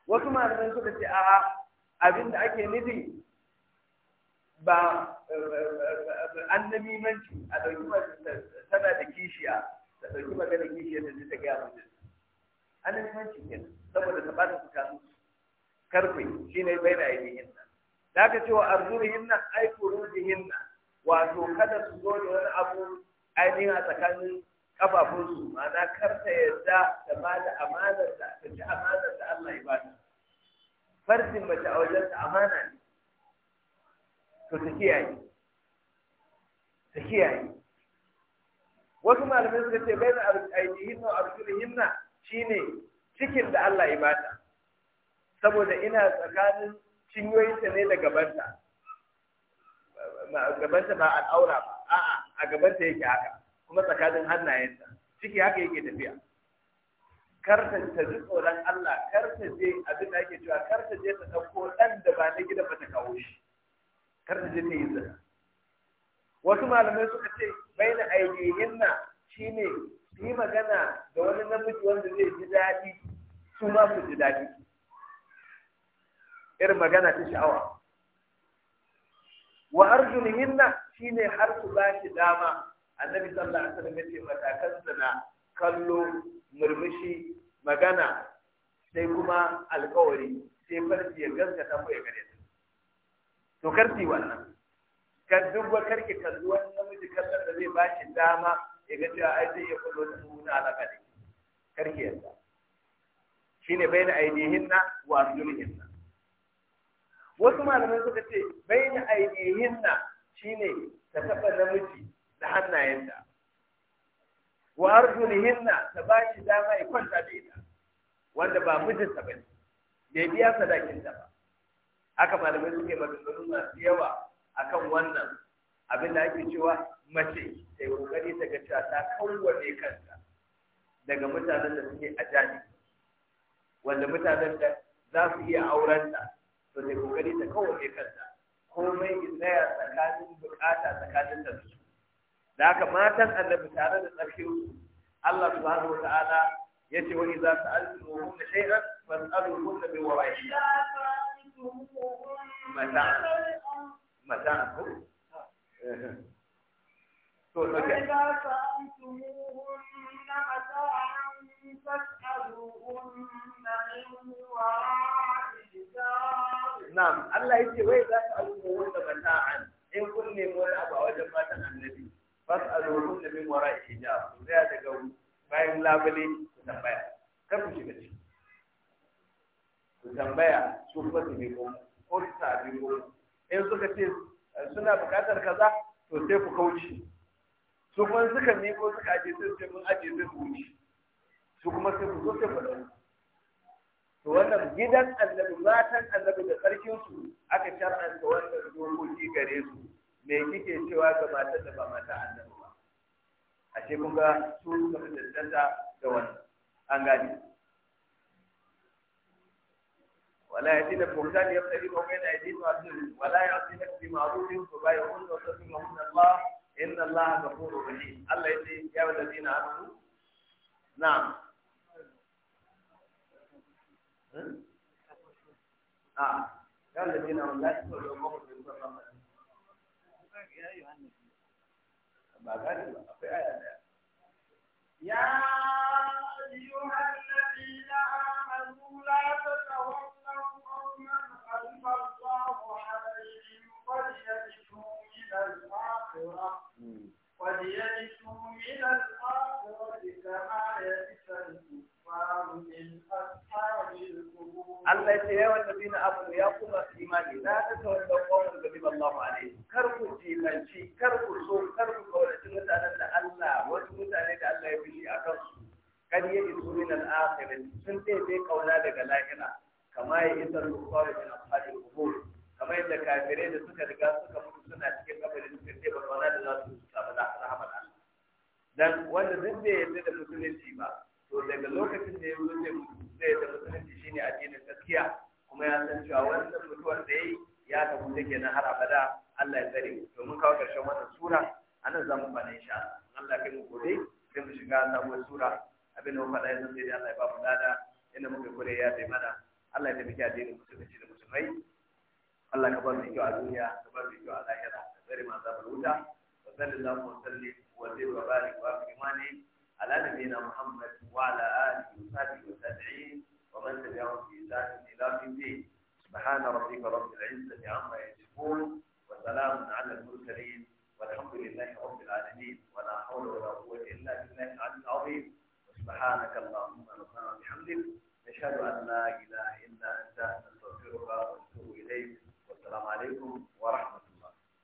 wasu malamai suka ce a'a abin da ake nufi ba annabi manci a ɗauki tana da kishiya ta ɗauki magana kishiya ta ta gaya mutum annabi manci ne saboda ta bata fuka musu karfe ne bai da ainihin nan da aka cewa arzurihin nan ai kurujihin nan wato kada su zo da wani abu ainihin a tsakanin kafafunsu ma'ana kar ta yadda ta ba da amanar da ta ci amanar da Allah ya bata farcin mace a wajen amana ne to ta kiyaye ta kiyaye wasu malamai suka ce bai na aikihin na himna shi shine cikin da Allah ya bata saboda ina tsakanin cinyoyinta ne da gabanta gabanta ba al'aura ba a'a a gabanta yake haka kuma tsakanin hannayenta ciki haka yake tafiya kar ta ji tsoron Allah kar ta je abin da ake cewa kar je ta ɗauko ɗan da ba na gida ba ta kawo shi kar ta je ta yi zina wasu malamai suka ce bai na shi shine su yi magana da wani namiji wanda zai ji daɗi su ma su ji daɗi irin magana ta sha'awa wa shi shine har su ba shi dama annabi sallallahu alaihi wasallam ya ce matakan zina kallo murmushi magana sai kuma alkawari sai farfi ya gaskata ko ya gare to karfi wannan ka dubba wa karki kallo wani namiji kasar da zai bashi dama ya ga cewa ai zai iya kullo da muna alaka ne karki bai na baina aidihinna wa hinna, wasu malamai suka ce bai na hinna shi ne ta taba namiji da ta. wa arjulihinna ta ba shi dama ya kwanta wanda ba mijinta ba ne bai biya sadakin ba haka malamai suke maganganu masu yawa a kan wannan abin da ake cewa mace ta yi kokari ta ta kawwane kanta daga mutanen da suke a jani wanda mutanen da za su iya aurenta to ta yi kokari ta kawwane kanta komai ya tsakanin bukata tsakanin da da haka matan annabi tare da tsarkin Allah subhanahu wata'ala ya ce wani za ta alfi ruhun da shai'an fasalu ruhun da bai wa bai mata mata ko
to daga
Na'am, Allah yake wai za ta alfi ruhun da mata'an in kun nemi wani abu a wajen matan annabi. fas'aluhun min wara hijab ku tsaya daga bayan labale, ku tambaya kar ku shiga ciki ku tambaya su kuma su nemo ko su sabi ko in suka ce suna buƙatar kaza to sai ku kauce su kuma suka nemo suka aje sai sai mun aje sai ku wuce su kuma sai ku zo sai ku dauka to wannan gidan annabi matan annabi da sarkin su aka shar'anta wannan dokoki gare su me kike cewa ga matan da ba mata annabi ba a ce kun ga su ga dandanta da wani wala ya tina bukta ne ya tsari ba wani ya tina wasu wala ya tina fi maru yin ku bayan wani da wasu fi mahun Allah inna Allah ga furu Allah ya ce hmm? ah. ya wata zina na يا أيها
الذين آمنوا لا تتولوا قوما غضب الله عليهم قد يئسوا من الآخرة قد يئسوا من الآخرة كما يئس الكفار Allah
ce yawan da zina abu ya kuma imani na ta sauran da kawon da bi Allah ma ne kar ku jilanci kar ku so kar ku kawarci mutanen da Allah wasu mutane da Allah ya bishi a kansu kan yi isu min al-akhirin sun ce bai kauna daga lahira kama ya isar da kawai min ashabin kama yadda kafirai da suka riga suka mutu suna cikin kabarin da ce ba kauna da za su samu rahmar Allah dan wanda zai bai da musulunci ba to daga lokacin da ya zo zai mutu zai da musulunci shine addinin gaskiya kuma ya san cewa wannan mutuwar da ya yi ya tafi take kenan har abada Allah ya tsare mu Domin mun kawo karshen wannan sura anan zamu fara insha Allah Allah kai mu gode sai mu shiga sabuwar sura abin da faɗa yanzu sai Allah ya ba mu lada inda muka kore ya dai mana Allah ya tafi addinin musulunci da musulmai Allah ka ba mu kyau a duniya ka ba mu kyau a lahira ka tsare mu azabar wuta wa sallallahu wa sallim wa zai wa barik wa fi imani على نبينا محمد وعلى آله وصحبه والتابعين ومن تبعهم بإحسان إلى الدين سبحان ربك رب العزة عما يصفون وسلام على المرسلين والحمد لله رب العالمين ولا حول ولا قوة إلا بالله العلي العظيم سبحانك اللهم ربنا وبحمدك نشهد أن لا إله إلا أنت نستغفرك ونتوب إليك والسلام عليكم ورحمة الله